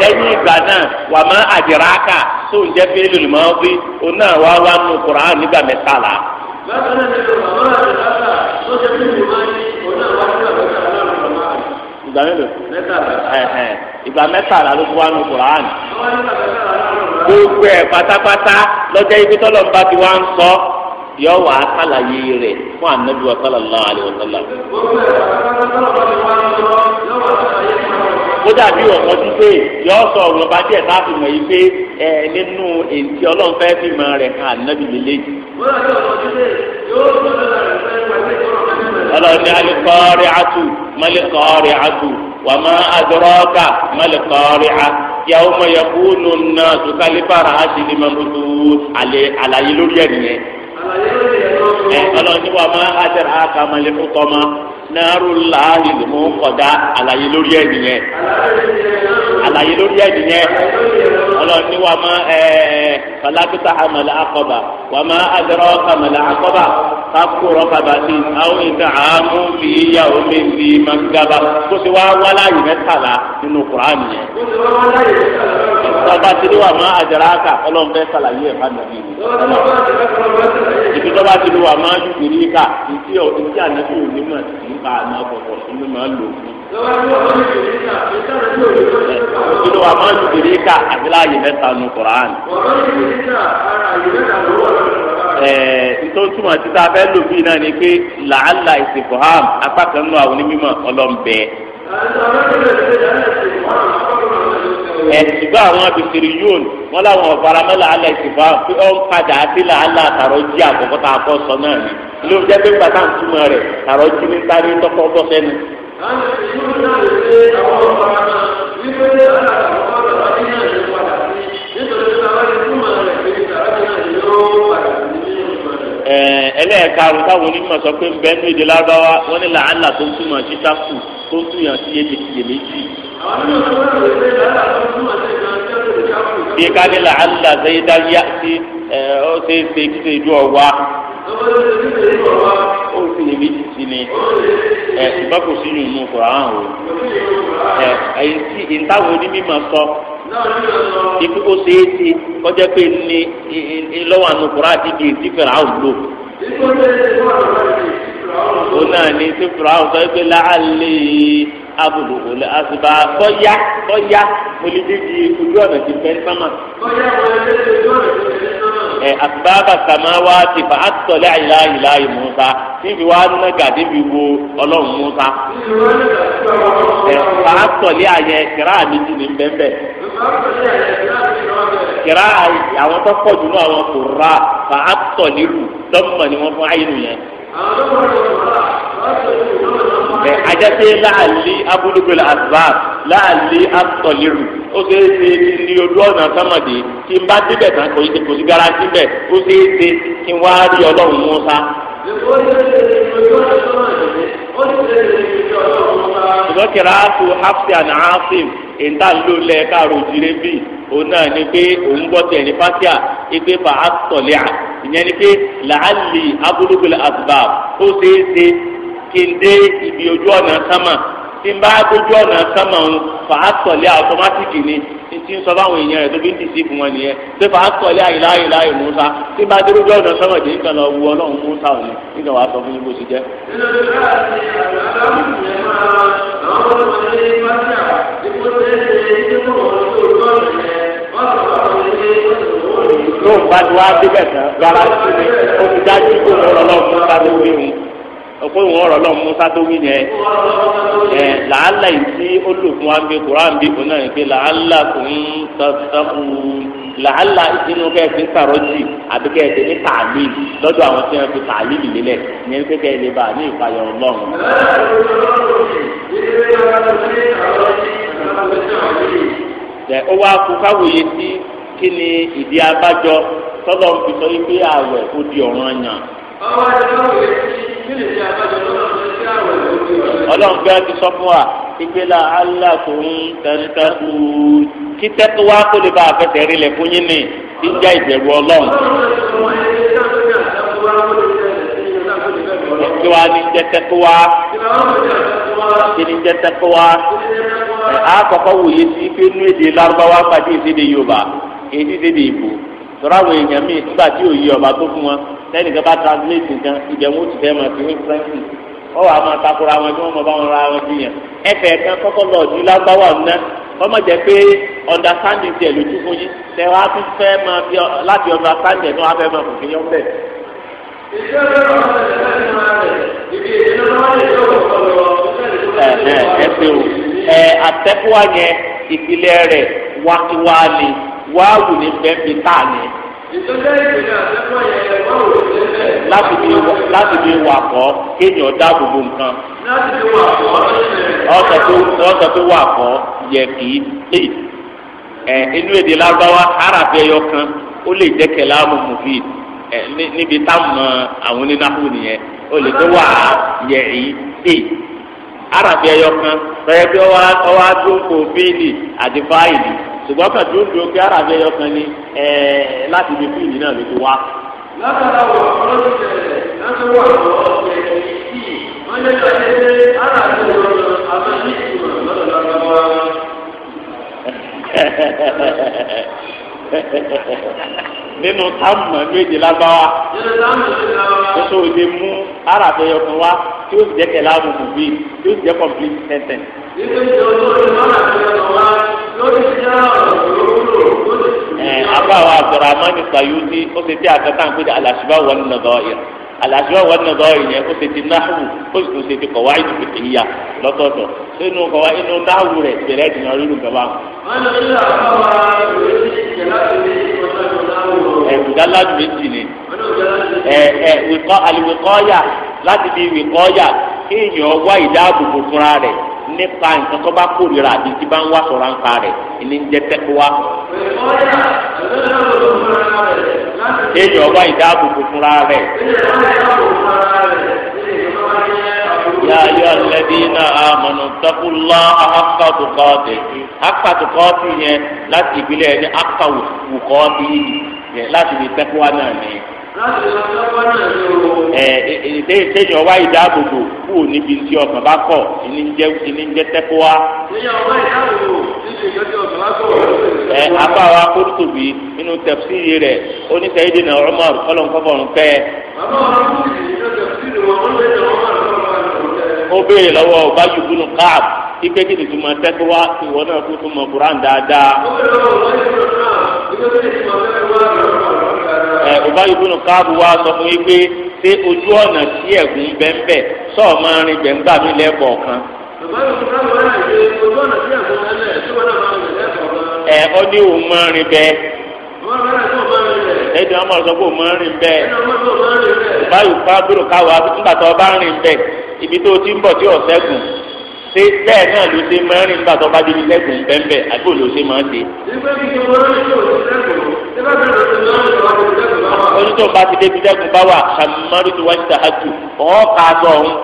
[SPEAKER 1] lẹ́yìn ìgbà náà wà má àdìrákà tó ń jẹ́ pé lòlùmọ́ bí òun náà wá wá nù kùrán nígbà mẹ́tàlá. bákan náà ni wà
[SPEAKER 2] má àdìrákà tó jẹ́ pé lòlùmọ́ ní òun náà wá nígbà mẹ́tàlá
[SPEAKER 1] ìgbà mélòó. mẹ́tàlá. ìgbà mẹ́tàlá ló wá nù kùrán. gbogbo ẹ̀ pátápátá lọ́jọ́ ibi tọ́lọ́ ń bá ti wá ń sọ yọ wà á kàlàyé rẹ̀ fún ànábì wa sallallahu alaihi wa sallam. gbogbo ẹ̀ pátápátá
[SPEAKER 2] lọ́jọ́ ibi tọ́lọ́ ń bá ti wá ń sọ yọ wà á kàlàyé
[SPEAKER 1] kódà bí ọ̀pọ̀ ti pé yọ sọ ọ̀rọ̀ bá díẹ̀ láti mọ̀ yìí pé ẹ nínú èntì ọlọ́run fẹ́ fi mọ rẹ̀ hàn nábì lélẹ̀.
[SPEAKER 2] ọlọ́run ní alikọ́ọ̀rì
[SPEAKER 1] atu malikọ́ọ̀rì atu wàmọ́ adọ́rọ́ọ̀kà malikọ́ọ̀rì a yàwó mọ̀ yẹ kó nù nà sùkàlífàrà àti lèmọ̀mùtù àlàyé lórí ẹ̀ nìyẹn. àlàyé ọlọ́run ní wa máa hajar aka malẹ̀ fún tọ́mọ náírà láàyè ló mú kọjá àlàyé lórí ẹ̀ nìyẹn àlàyé lórí ẹ̀ nìyẹn ọlọ́run ní wa máa ẹ̀ẹ́ falakita amala akọba wa máa adara kamala akọba kakuro kabati àwọn ìdààmú fi yà omi fi mangaba kó sì wá wálá yìí mẹ́tàlá nínú kuraani yẹn. tọ́ba tí ni wa máa adara aka ọlọ́run fẹ́ sàlàyé ẹ̀ fún anabi ibi tó bá ti lo àmọ́ ìrírí ká ìdí ìdí ànábì òní mọ̀ sí nípa àná ọ̀pọ̀pọ̀ sí ló máa ń lò fún. ìlú àmọ́ ìrírí ká àti láàyè mẹ́ta nu koran. ìtọ́jú mọ̀ títà fẹ́ lò bí náà ni pé làálà ìsìnkú ham apá kan nù àwọn onímọ̀ ọlọ́mbẹ. àti àwọn ọmọ ìrẹsì ìdáná ìsìnkú ham ẹ̀sùgbọ́n àwọn abisiri yóòn wọn làwọn ọ̀faramọ́ làálẹ̀ ìsìnfà pé ó ń padà sí làálà àtàrọ̀ jí àkọ́kọ́ tá a kọ́ sọ náà ni ilé oúnjẹ pé gbàtà ń túmọ̀ rẹ̀ àtàrọ̀ jí ní sáré tọ́kọ́ bọ́ sẹ́nu. ẹlẹ́ẹ̀karùn táwọn onímọ̀ sọ pé bẹ́ẹ̀ ní èdè ní tó ń túyàn sí méjì bí kábílà àlá zayida ẹ ọ ṣe ṣe ṣe ju ọwa ó sì lè méjì sí ni ẹ ṣùgbọ́n sí yìnyín kò rà hàn o ẹ èyí tí ìtawọ̀ onímọ̀ sọ ikú ṣe é kọjá pé ní àwùjọ.
[SPEAKER 2] ó
[SPEAKER 1] náà ní tí fúráwù sọ pé láàlè abùdókò lè àsìbá bọ́yá bọ́yá mo lè dídì ojú ọ̀nà ti fẹ́ sámà. ẹ àsìbá bàtàmá wá ti fà á tọ̀lé àyílá àyílá yìí níbi wá nàgà níbi wo ọlọ́run Mùsá. ẹ fà á àyẹ kẹrẹ́ àmì jì bẹ́ẹ̀ bẹ́ẹ̀ kẹrà àwọn tó pọ̀ jù náà àwọn kò ra fà á tọ̀ nílùú ni wọ́n fún àyínú yẹn. ẹ ajá pé láàlí abúlúgbòlá àtúbà láàlí àtọ̀lérù ó ṣeé ṣe ní ojú ọ̀nà sámàdé kí n bá débẹ̀ tán kò ṣe kò sí garanti bẹ̀ ó ṣeé ṣe kí n wá rí ọlọ́run mú sá. ìgbọ́kẹ̀rẹ́ àtò hafsi àná áfíìm ìta ló lẹ káàró jíire bì òun náà ni pé òun gbọ́ tẹ̀ ní fásíà ipe fa asọ̀lẹ́à ìyẹn ni pé làálì abúlúgbìlà àtùbà ó ṣeé ṣe kí n dé ibi ojú ọ̀nà sámà tí n bá gbójú ọ̀nà sánmà ń fà á sọ̀lẹ́ àtọ́mátìkì ni tí ń sọ fáwọn èèyàn rẹ̀ tó fi ń dìsí fún wọn nìyẹn pé fà á sọ̀lẹ́ àyíláyíláyí Musa tí n bá gbójú ọ̀nà sánmà dé nǹkan lọ wu ọlọ́run Musa òní nígbà wàá sọ fún yín bó ṣe jẹ́.
[SPEAKER 2] tó ń bá ti wá débẹ̀ tán gbára ni ó ti dájú kó lọ́ọ́ lọ́ọ́ fún ká
[SPEAKER 1] ọkọ ìwọn ọ̀rọ̀ lọ musa tó wí yẹn ẹ làálà yìí tí ó lò fún wa bí kuran bí òun náà pé làálà tó ń sàkú làálà ìdínú kẹfì sàrọjì àbí kẹfì ní tààlì lọ́dọ̀ àwọn tí wọn fi tààlì lélẹ̀ yẹn pé kẹfì lè bá ní ìpayọ Ọlọ́run. ẹ ó wá kú káwòye sí kí ni ìdí abájọ tọ́lọ́ ń fi sọ yí pé ààwẹ̀ ó di ọ̀ranyàn ọlọ́run gbé ti sọ fún wa ìgbéla alákùnrin tẹ̀síntẹ̀sù títẹ́ tó wá kó lè bá àfẹsẹ̀ rí lẹ̀ fún yín ni ìjà ìbẹ̀rù ọlọ́run. kí wàá ní jẹ́tẹ́ tó wá kí ní jẹ́tẹ́ tó wá ẹ̀ á kọ́kọ́ wòye sí pé inú èdè lárúbáwá pàdé ìsédè yorùbá èyí ti ìbò sọ̀rọ̀ àwọn èèyàn míì nígbà tí òye ọba tó fún wọn lẹ́yìn kan bá translate nǹkan ibẹ̀ wọn ó ti fẹ́ máa fi wípé fẹ́ǹsì wọ́n wàá máa takora wọn kí wọ́n máa bá wọn ra wọn jiyàn ẹ̀fẹ̀ kan kọ́kọ́ lọ ju lágbáwá ná wọ́n má pé understanding tiẹ̀ lójú fún yín tẹ wá fi fẹ́ máa fi láti understanding ní wọ́n á fẹ́ máa fòfin yọ bẹ́ẹ̀. ẹ̀sìn o ẹ̀ àtẹ́kùwá yẹn ìpìlẹ̀ rẹ̀ wákíwá ni wáwù ní bẹ́ẹ̀ fi tà ní. láti bí wà láti fi wà kọ́ kéèyàn dá gbogbo nǹkan. láti wà
[SPEAKER 2] kọ́ ọ̀sẹ̀
[SPEAKER 1] tó tó wà kọ́ yẹ lè ẹ inú èdè lágbáwá arábẹ ẹyọkan ó lè jẹ́ kẹlámù ẹ níbi táwọn àwọn onínáhù nìyẹn ó lè tó wà yẹ ṣùgbọ́n kàdí ó dúró kí ara bẹ́ẹ̀ yọkan ni láti ibi fún ìdí náà ló ti wá.
[SPEAKER 2] látara wà lọ́dún tẹ̀lé láti wà lọ́wọ́ tẹ̀lé yìí wọ́n lé lọ sí pé ara mi ò lọ àmọ́ ní ìtumọ̀ lọ́dọ̀ lọ́dọ̀ wá.
[SPEAKER 1] nínú táàmù méje lágbáwá tóso òde mú ara bẹ́ẹ̀ yọkan wá tí ó sì jẹ́ kẹlẹ́ àbùkù bíi tí ó sì jẹ́ complete sentence. àbáwọ̀ àtọ̀rọ̀ àmọ́ni Sayuti ó ti tẹ́ àkàtà ń pèjá àlàṣìbá wọn nàdọ́ ìrìn àlàṣìbá wọn nàdọ́ ìrìn yẹn ó ti ti náhùn ó sì tún ti ti kọ̀wá ìlú lọ́tọ̀ọ̀tọ̀ sínú kọ̀wá inú náhùn rẹ̀ bẹ̀rẹ̀ rírù méjì ni wìkọ́ yà láti wìkọ́ yà wá ìdáàbòbò fúnra rẹ̀ nípa nǹkan tó bá kórìíra àbí tí bá ń wá sọ̀rọ̀ àǹkà rẹ̀ ní ń jẹ́ tẹ́kọ̀wá. èèyàn ọba ìdáàbòbò fúnra rẹ̀.
[SPEAKER 2] يا أيها الذين
[SPEAKER 1] آمنوا اتقوا الله حق تقاته حق تقاته لا تقبل أن حق تقاته لا تقبل تقوى نعمه ẹ ẹ tẹjọ wá ìdáàbòbò kú ò níbi tí ọkàn bá kọ ìní ń jẹ ìní ń jẹ tẹkọ wa. ẹ apá wa kótóbi nínú tẹfsiri rẹ oníṣẹ́yìdì náà Umar ọlọ́nkọ́fọ̀rún pẹ́. ó béèrè lọ́wọ́ ọba yubunu káàb ike kí tuntun máa tẹ́kọ̀ wá ìwọ náà kó tó mọ kuran dáadáa. ó béèrè lọ́wọ́ ọba yubunu káàb ike kí tuntun máa tẹ́kọ̀ wá ìwọ náà kó tó mọ kuran dáadáa. Eh, Ubayy ibn Ka'b wá sọ fún yín pé ṣé ojú ọ̀nà sí ẹ̀gún bẹ́ńbẹ́ sọ̀ọ́ máa rin bẹ́ńgbà mi lẹ́kọ̀ọ̀kan.
[SPEAKER 2] Ubayy ibn Ka'b wá náà ṣe ojú ọ̀nà sí ẹ̀gún bẹ́ńbẹ́ tí wọ́n náà máa rin
[SPEAKER 1] lẹ́kọ̀ọ̀kan. ẹ eh, ọ ní òun máa rin bẹ́ẹ̀. ẹ̀dùn ọmọ sọ pé òun máa rin bẹ́ẹ̀. Ubayy ibn Ka'b wá nígbà tó bá rin bẹ́ẹ̀ ibi tó ti ń bọ̀ tí ọ̀sẹ́gun ṣé bẹ́ẹ̀ náà ló ṣe máa ń rìn nígbà tó bá débi lẹ́gùn bẹ́ẹ̀ àbí ló ṣe máa ń ṣe. onítọ̀ bá ti débi lẹ́gùn bá wà sàmúmárù tí wọ́n ti ṣáájú wọ́n kà á sọ ọ̀hún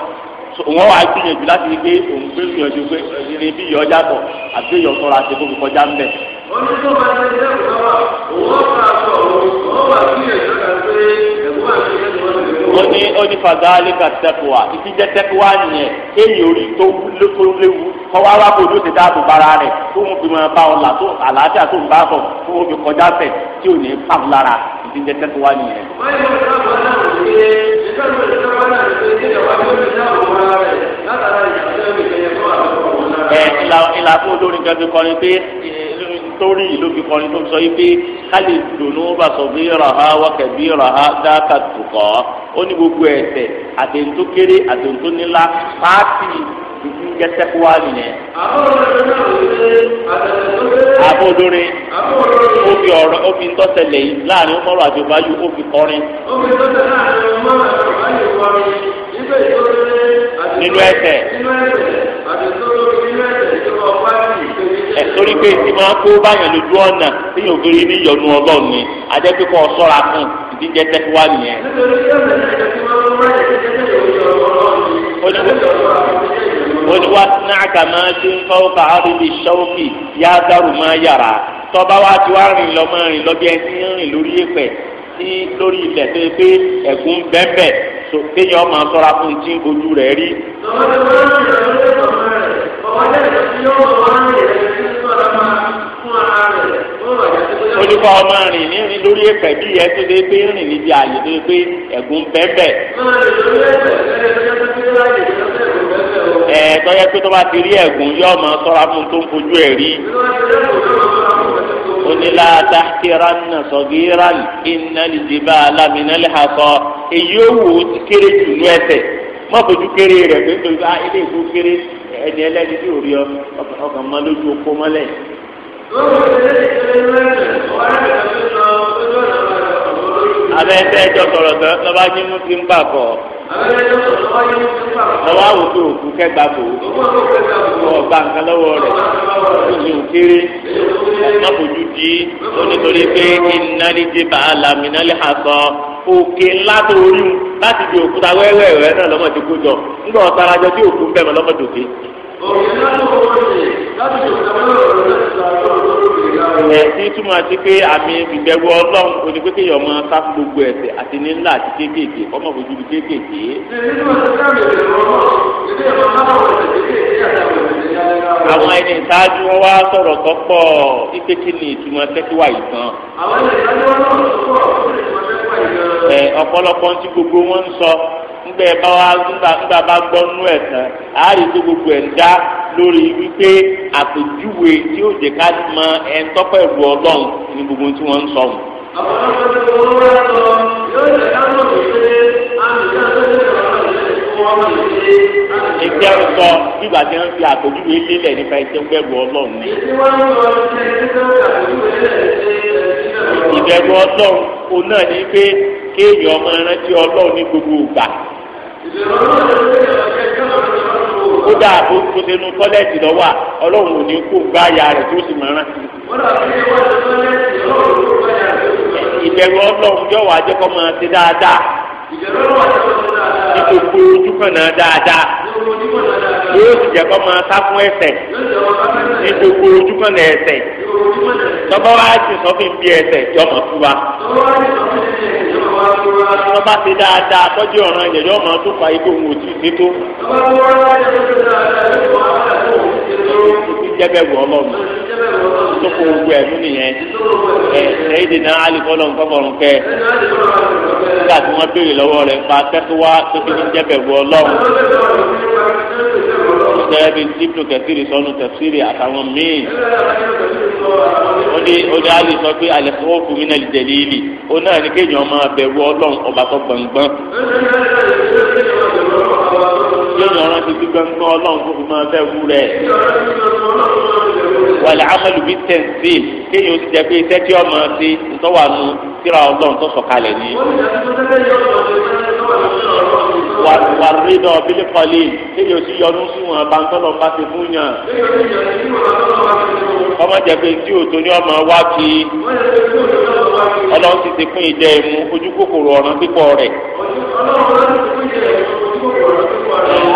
[SPEAKER 1] wọ́n wá gbìyànjú láti rí pé òun gbé gbìyànjú pé ìrìn bí ìyọ́ yàtọ̀ àti ìyọ́ sọ̀rọ̀ àti ìbò kọjá ń bẹ̀.
[SPEAKER 2] onítọ̀ bá ti débi lẹ́gùn bá wà wọ́n kà á sọ ọ̀hún wọ́n wá gbìyànjú láti rí pé ẹ̀gbọ́n àti ẹ̀gbọ́n ó ní
[SPEAKER 1] ó ní fàdáálì ka tẹ́kùwá ìfi jẹ́ tẹ́kùwá nìyẹn kéèyì orí tó léwu kọ́wá wá kó ló ti dáàbò bara rẹ̀ tó ń fi máa bá wọn là tó àlàáfíà tó ń bá bọ̀ tó ń fi kọjá fẹ̀ tí ò ní pa wọn lára ìfi jẹ́ tẹ́kùwá nìyẹn. wọ́n yóò sábà náà ṣe é ìfẹ́ mi ò sábà náà sórí ìlú fi kọrin tó sọ yìí pé kálí dùnú bá sọ bí ràhá wákẹ́ bí ràhá dáka tùkọ́ ó ní gbogbo ẹ̀ṣẹ̀ àtẹ̀ntó kéré àtẹ̀ntó nílá pàápì ìdí gẹ́sẹ̀kú wa nìyẹn. àbódorin ó fi ọ̀rọ̀ ó tọ́sẹ̀lẹ̀ yìí láàrin ọmọ àti ọbaayú ó fi kọrin.
[SPEAKER 2] ó fi tọ́sẹ̀ láàrin ọmọ àti ọbaayú kọrin nígbà ìtọ́sẹ̀ nínú ẹ̀ṣẹ̀ àtẹ̀ntó lórí nínú ẹ̀ṣẹ̀ ìjọba ọ̀pá ẹ̀ torí
[SPEAKER 1] pé tí máa kó báyọ̀ lójú ọ̀nà tí yóò fi rí ní ìyọnu ọlọ́run ni àjẹpẹ́ kọ́ sọ́ra fún ìdíje tẹ́kíwá nìyẹn. olùwà sinaka máa ti ń kọ́ ká àrídì sọ́ọ̀kì yá dárò máa yàrá tọ́ba wa ti wá rìn lọ́mọ rìn lọ́bí ẹni rìn lórí ẹ̀pẹ̀ tí lórí ilẹ̀ tó yẹ pé ẹ̀gún bẹ́ẹ̀ bẹ́ẹ̀ tó kéèyàn ọmọ sọ́ra fún ìtí ojú rẹ̀ rí. olùkọ́ ọmọ rìn ní rìn lórí ẹ̀pẹ̀ bí ẹ tó dé pé rìn níbi àyè tó dé pé ẹ̀gún bẹ́ẹ̀bẹ́. ẹ̀ pé tó bá ti rí ẹ̀gún yọ ọmọ sọ́ra fún tó ń fojú ẹ̀ rí onílà tàkìránà sọ̀gíràn iná lìdìbà alámìnà lẹ́hàkọ́ èyí ó wò ó ti kéré jù ní ẹsẹ̀ má fojú kéré rẹ̀ pé pé bá ilé ìfú kéré ẹni ẹlẹ́ni tí ò rí ọ ọkàn máa lójú okó mọ́lẹ̀. abẹ́ ẹgbẹ́ ẹjọ́ sọ̀rọ̀ tán lọ́ba ní mú ti ń bà kọ́
[SPEAKER 2] lọ́wọ́
[SPEAKER 1] àwùjọ òkú kẹgbà bò ó ọgbà nǹkan lọ́wọ́ rẹ̀ oṣù kéré ọmọ fojú di onítorí pé ìnáníjì bàálà mìnálì àsọ òkè ńlá tó rí mu láti di òkúta wẹ́wẹ́wẹ́ náà lọ́mọ ti kó jọ ńgbà tí òkú ń bẹ̀ mọ́ òkè ńlá láti di òkúta
[SPEAKER 2] wẹ́wẹ́wẹ́ náà lọ́mọ ti
[SPEAKER 1] ẹ̀sìn túmọ̀ sí pé àmì ìbẹ̀wò ọlọ́run kò ní pé kéèyàn máa ká gbogbo ẹ̀ṣẹ̀ àti ní ńlá àti kéékèèké ọmọ òfojú bíi kéékèèké. àwọn ẹni ìtajú wọn wá sọ̀rọ̀ tó pọ̀ ipe kí ni ìtumọ̀ tẹ́kíwá yìí gan. àwọn
[SPEAKER 2] ẹni ìtajú wọn náà sọ̀rọ̀
[SPEAKER 1] ẹ gbogbo wọn ń sọ bá wa bá nú tó gbogbo ń dá lórí wípé àpèjúwe tí ó jẹ ká mọ ẹ ń tọ́pọ̀ ẹ̀rù ọlọ́run ní gbogbo tí wọ́n ń sọ wọn. àwọn ọmọ tó ń wá sọ yóò jẹ ká mọ̀ pé
[SPEAKER 2] àmì náà ló ń sọ̀rọ̀ ìgbẹ́ ọ̀sọ́
[SPEAKER 1] bíbà tí wọ́n fi àpèjúwe lélẹ̀ nípa ẹ̀jẹ̀ bẹ̀rù ọlọ́run ni. ìbẹ̀rù ọlọ́run o náà ní pé kéèyàn máa rántí ọlọ́run ní gbogbo ìgbà. ìbẹ̀rù ọlọ́run ló ń bẹ̀rẹ̀ ọ̀kẹ́ kí wọ́n kódà bó tó ṣe nu tọ́lẹ́ẹ̀tì lọ́wọ́ ọlọ́run ò ní kó gbá aya rẹ̀ tó sì mọ̀ràn. ìbẹ̀rù ọlọ́run yóò wá jẹ́ kó máa ṣe dáadáa. ní gbogbo ojú kan náà dáadáa. yóò sì jẹ́ máa sá fún ẹ̀ṣẹ̀. ní gbogbo ojú kan náà ẹ̀ṣẹ̀. tọ́gbọ́n wá ti sọ fún ibi ẹ̀ṣẹ̀ tí ọmọ fún wa tó bá ti dáadáa tọ́jú ọ̀ràn yẹn yọ ọmọ tó fa ikú òun ò tí ì sétó. jẹ́bẹ̀ wọ ọlọ́run tó kó gbogbo ẹ̀mú nìyẹn ẹ̀ ṣẹ́yìndì náà alìkọ́lọ́ nkọ́bọ̀rún kẹ́ nígbà tí wọ́n béèrè lọ́wọ́ rẹ̀ pa tẹ́tí wá tó ti ní jẹ́bẹ̀ wọ ọlọ́run gẹ́gẹ́ bí tíblu kẹsìrì sọnù tẹ̀síìrì àtàwọn míì ó ní ó ní alì sọ pé alẹ́ fọwọ́ fún mi náà lè tẹ̀lé ìlì ó náà ní kéèyàn máa bẹ̀rù ọlọ́run ọba tó gbọ̀ngbọ́n kéèyàn rántí sí gbọ̀ngbọ́n ọlọ́run tó fi máa bẹ̀rù rẹ̀ wàlẹ̀ amadu bíi tẹ̀síìl kéèyàn ti jẹ́ pé iṣẹ́ tí ọmọ ti ń tọ́wà nu síra ọlọ́run tó sọ̀kalẹ̀ ní wà rídọ̀ bílí kọ́lé kéèyàn sì yọnu sí wọn bá ń tọ́lọ̀ bá ti fún yàn. ọmọ jẹ̀pẹ̀ o òtò ní ọmọ wá kí ọlọ́run ti ti pín ìjẹ ìmú ojú kòkòrò ọ̀ràn pípọ̀ rẹ̀.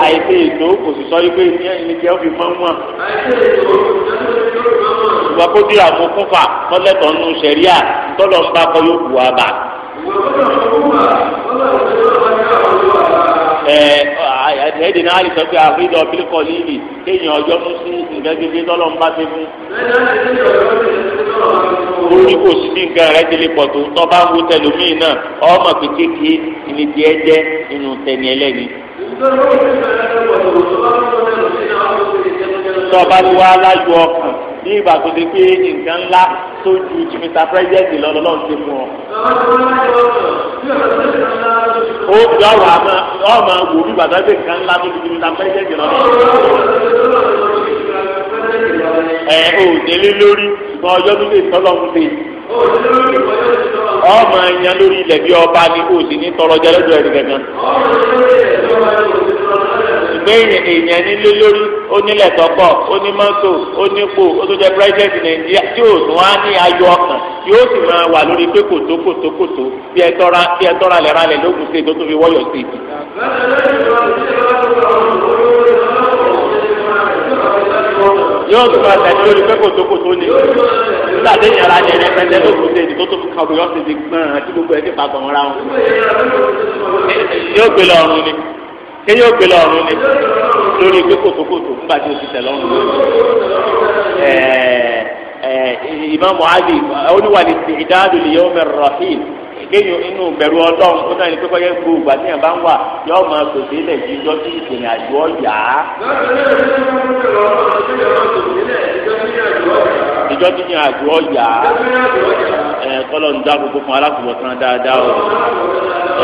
[SPEAKER 1] àìsè ètò kò sì sọ wípé ní ẹni jẹ́ òfin máa ń wà. ìwà kó dìrà mú kúfà mọ́lẹ́tọ̀ọ́nù sẹ̀ríà tọ́lọ̀ ń bá kọ́ yóò wù wá ìwà kó dìrà mú kúfà mọ́lẹ́tọ̀ọ́nù sẹ̀ríà ẹ ẹdì náà àlìsọ pé àfihàn ọbí kọ lílì kéèyàn ọjọ́ mú sí nǹkan gẹ́gẹ́ tọ́lọ̀ ń bá ti fún. orí kò sí bí nǹkan rẹ délé pọ̀ tó tọ́ bá ń wo tẹlómìn náà ọmọ kékeré ìní tiẹ̀ jẹ́ inú tẹni ẹlẹ́ni. tọ́ bá ti wá aláyọ̀ ọkàn. ní ìgbà tó ti pé nǹkan ńlá tó ju ti mr president ti mú ọ. ó fi ọ̀rọ̀ àmọ́ ọmọ wò bí nǹkan ńlá tó ju ẹ ò délé lórí ṣùgbọ́n ọjọ́ tó lè ọba ni kò sí ní tọrọ pé èèyàn nílé lórí onílẹ̀ tọ́pọ̀ onímọ́tò onípò oníjẹ pírẹ́sẹ̀tì nàìjíríà tí ò tún á ní ayọ̀ ọkàn yóò sì máa wà lórí pé kòtó kòtó kòtó bí ẹ tọ́ra bí ẹ tọ́ra lẹ́ra lẹ̀ lókun sí ètò tó fi wọ́yọ̀ sí i. yóò tún máa tẹ̀lé lórí pé kòtó kòtó ni nígbà tí ìyàrá ni ẹni ẹgbẹ́ tẹ́lẹ̀ òkú tẹ̀lé tó tó fi kàwé ọ̀sẹ̀ ti gbọ́n àti gbogbo ẹ̀ ti pàtàkì ọ̀ra wọn.
[SPEAKER 2] yóò gbé lọ ọ̀run
[SPEAKER 1] ni kéye ó gbélé ọ̀run ni lórí ìgbé kòtòkòtò nígbà tí o ti tẹ̀ lọ́rùn lórí ìmáàmù Ali oníwàlì ti ìdáàdù lè yọ ọmọ rahim kéye inú bẹ̀rù ọlọ́run ó náà ní pípẹ́ yẹn gbó ìgbà tí yẹn bá ń wà yọ ọmọ tòṣe ilẹ̀ yìí lọ sí ìsìn àjò ọ̀yà. ìjọ tí yẹn àjò ọ̀yà kọ́lọ̀ ń dá gbogbo fún alákùnbọ̀tán dáadáa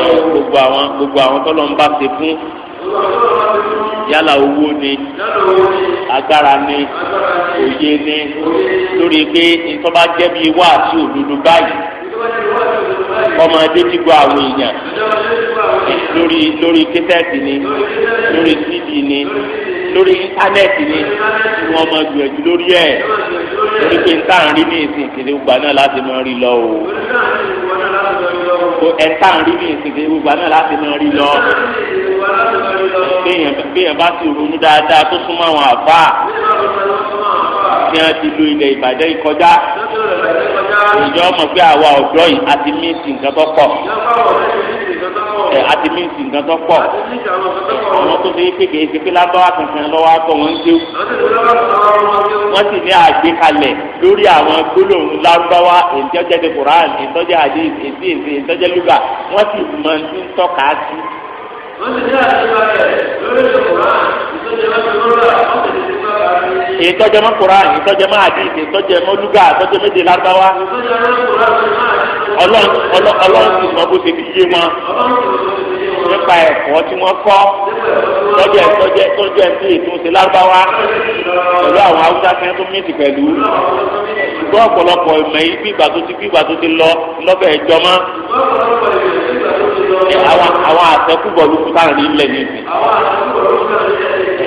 [SPEAKER 1] o gbogbo àwọn gbogbo àwọn kọ́lọ̀ ń bá ṣe fún yálà owó ni agbára ni òye ni lórí pé ìtọ́ba jẹ́ bíi wá àti òdodo báyìí kọ́mọdé ti gbọ́ àwọn èèyàn lórí lórí kẹsẹ́ẹ̀tì ni lórí sídìí ni lórí íńtánẹ́ẹ̀tì ni tí wọ́n máa gbìyànjú lórí ẹ̀ lórí pé níta ń rí ní ìsìn kìlẹ̀ gbogbo náà láti máa rí lọ o ẹ̀ta ń rí ní ìsìn kìlẹ̀ gbogbo náà láti máa rí lọ béèyàn bá ti ronú dáadáa tó súnmọ́ àwọn àbá tí wọ́n ti lo ilẹ̀ Ìbàdàn ìkọjá ìjọ mọ̀ pé àwa ọ̀dọ́ yìí àti míìsì nǹkan tó pọ̀ ẹ̀ àti míìsì nǹkan tó pọ̀ àwọn tó fi pé kìí ṣe pé lábáwá kankan lọ́wọ́ àtọ̀ wọn ń déwù wọ́n sì ní àgbékalẹ̀ lórí àwọn gbólóhùn lárúbáwá ìtọ́jẹ́ ti koran ìtọ́jẹ́ àdé èsì èsì ìtọ́jẹ́ lúgà wọ́n sì mọ ní tọ́ka sí. wọ́n sì ní àgbékalẹ̀ lórí ìtọ́jẹ́ lárúbáwá ìtọ́jẹ́ lúgà wọ́n ìtọ́jẹmọ́ Kùránì ìtọ́jẹmọ́ àdìsí ìtọ́jẹmọ́ lúgà ìtọ́jẹmọ́ èdè lárúbáwá ọlọ́run ti mọ bó ṣe fi yé wọn nípa ẹ̀kọ́ tí wọ́n kọ́ pẹ̀lú àwọn haúsá kan tó mí ti pẹ̀lú ṣùgbọ́n ọ̀pọ̀lọpọ̀ ìmọ̀ yìí bí ìgbà tó ti bí ìgbà tó ti lọ lọ́bẹ̀ ẹ̀jọ́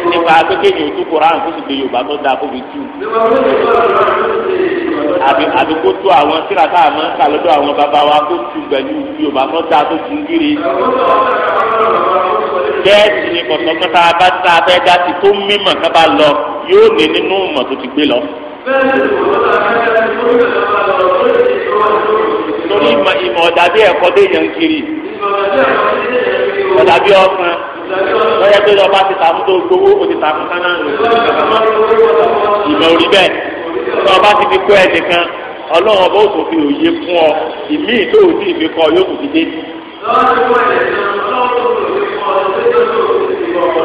[SPEAKER 1] nípa akékèké yòó tú koran kó sì gbé yorùbá tó dáa kó fi tú. àbí àbí kó tú àwọn síratá àmọ́ kàlọ́dọ̀ àwọn bàbá wa kó tú pẹ̀lú yorùbá tó dáa tó tún kiri. bẹ́ẹ̀sì ni kọ̀tọ́ mẹ́ta bá tá a fẹ́ dá sí tó mímọ̀ ká bá lọ yóò ní nínú mọ̀ tó ti gbé lọ. torí ìmọ̀ ìmọ̀ ọ̀dà bí ẹ̀kọ́ dé yẹn kiri ọ̀dà bí ọ̀sán lọ́yẹ́ pé lọ́ba ti tààmú tó gbowó o ti tààmú kánà
[SPEAKER 2] ìmọ̀ orí bẹ́ẹ̀
[SPEAKER 1] lọ́ba ti fi kó ẹnìkan ọlọ́run ọba ó tó fi òye fún ọ ìmí tó o ti fi kọ yóò kù fi dé.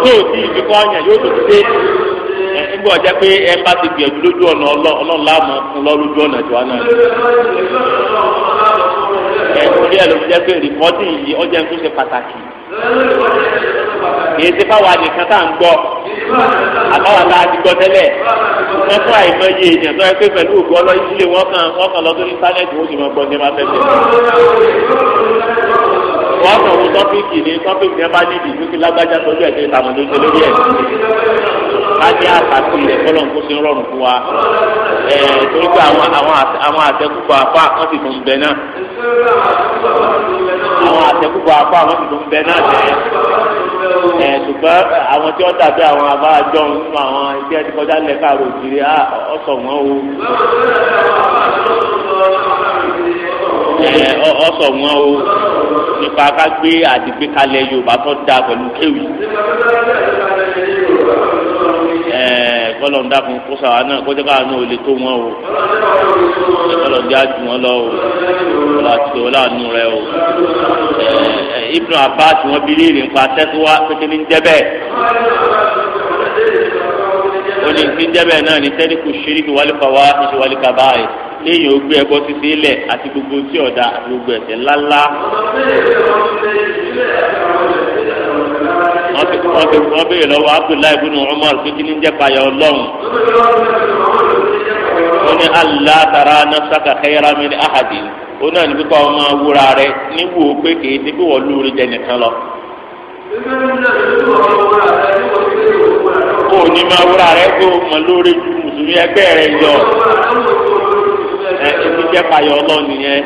[SPEAKER 1] tó o ti fi kọ́ ọ̀yàn yóò tó fi dé nígbà ọjà pé ẹ bá ti gbìyànjú lójú ọ̀nà ọlọ́run láàmú fún lọ lójú ọ̀nà ìjọ náà.
[SPEAKER 2] ẹ̀ orí ẹ̀ ló fi
[SPEAKER 1] jẹ́ pé rìpọ́tì yìí ọjà ń tó ṣe pàtàkì kì í ṣe fáwọn nìkan tá à ń gbọ́ àbáwọn tá a wọn fún àìmọye èèyàn tó yẹ pé pẹ̀lú òkú ọlọ́yìn sílé wọn kan wọn kan lọ tó íńtánẹ́ẹ̀tì wọn sì máa gbọ́ ní ẹ̀ma fẹ́ wọn kàn wọ tọ́pìkì ní tọ́pìkì yẹn bá níbi ìdúkì lágbájá tọ́jú ẹ̀jẹ̀ ìtàmùdó ṣe lórí ẹ̀ láti àtàkì rẹ̀ kọ́lọ̀ kó rọrùn fún wa ẹ̀ torí pé àwọn àtẹkùkọ àfa kan sì tún bẹ náà àwọn àtẹkùbọ apá àwọn tuntun ń bẹ náà tẹ ẹ ṣùgbọ́n àwọn tí wọ́n tàbí àwọn àbá àjọ nínú àwọn iṣẹ́ ẹni kọjá lẹ̀ káàró òjìrì á ọ̀sọ̀ wọn o. ọ̀sọ̀ wọn o nípa ká gbé àdìgbé kalẹ̀ Yorùbá tó dáa pẹ̀lú kéwì kọlọ ń dákun kó sàwa náà kọjá káwa náà ò lè tó wọn o kọlọ ń dájú wọn lọ o kọlọ àti wọn láàánú rẹ o Ibnu Abbas wọn bí léèrè nípa tẹsíwá kékeré ń jẹbẹ ó ní ti ń jẹbẹ náà ní tẹríkù ṣíríkì wálífà wá ṣíṣe wálífà báyìí léèyàn ó gbé títí ilẹ̀ àti gbogbo tí ọ̀dà àti gbogbo ẹ̀ṣẹ̀ ńláńlá. wọ́n béèrè lọ́wọ́ abdullahi ibùnú umar kékeré jẹ́ payọ̀ ọlọ́run wọ́n ní alátara nafsaka kẹ́yẹ́rà ahadi ó náà ní pípa ọmọ wúra rẹ níwò pé kìí ti wọ́n lóore jẹ nìkan lọ. ó ní rẹ kó mọ lóore ju mùsùlùmí ẹgbẹ́ rẹ ẹ ti jẹ́ ọlọ́run nìyẹn.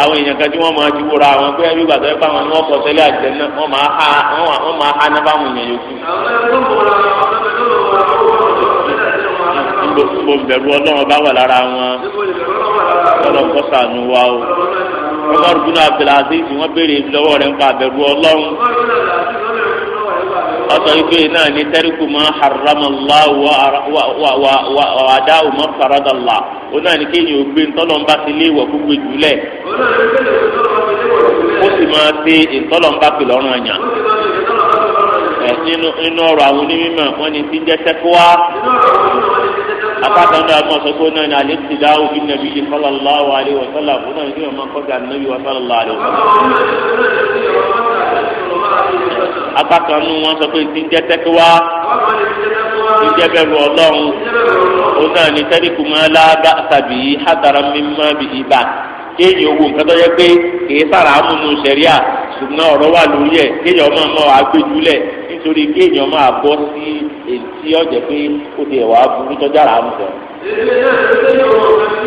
[SPEAKER 1] àwọn èèyàn kan tí wọ́n máa dúró ra àwọn pé ẹbí gbàtọ́ ẹ̀fọ́ àwọn ni wọ́n kọ sẹ́lẹ̀ àjẹ́ náà wọ́n máa ha wọ́n máa ha náà báwọn èèyàn yòókù. gbogbo bẹ̀rù ọlọ́run bá wà lára wọn ọlọ́run kọ́ sànù wa o ọmọdé bùnú abdulaziz wọ́n béèrè lọ́wọ́ rẹ̀ nípa bẹ̀rù ọlọ́run ọsọ ife náà ní tẹ́ríkù máa haramallah wà wà wà wà wà dáhùn mọ́ faradàlá ó náà ní kéèyàn ó gbé ntọ́lọ́mbá ti lé ìwọ̀ gbogbo ìdúlẹ̀ ó sì máa ṣe ntọ́lọ́mbá pè lọ́rùn àyàn nínú nínú ọ̀rọ̀ àwọn onímọ̀ wọn ni ti jẹ́ tẹ́kọ́wá apákan náà mọ̀ sọ́kó náà ní alẹ́ ti dáhùn bí nàbí yìí sallallahu alaihi wa sallam fún náà ní ìwọ̀n máa kọ́gà nàbí wa sallallahu alaihi wa sallam. apákan náà wọn sọ pé ti jẹ́ tẹ́kọ́wá ti jẹ́ bẹ̀rù ọlọ́run. ó náà ní tẹ́lifù máa tabi hatara hátara mímá bí ibà kéèyàn owó nǹkan tó yẹ pé kì í sára amúnú sẹ̀ríà ṣùgbọ́n ọ̀rọ̀ wà lórí ẹ̀ kéèyàn máa mọ́ agbẹ́júlẹ̀ nítorí kéèyàn máa bọ́ sí èyí ọ̀jẹ̀ pé ó ti ẹ̀wà burú tọ́jà rà mú náà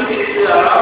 [SPEAKER 2] ti sí àrà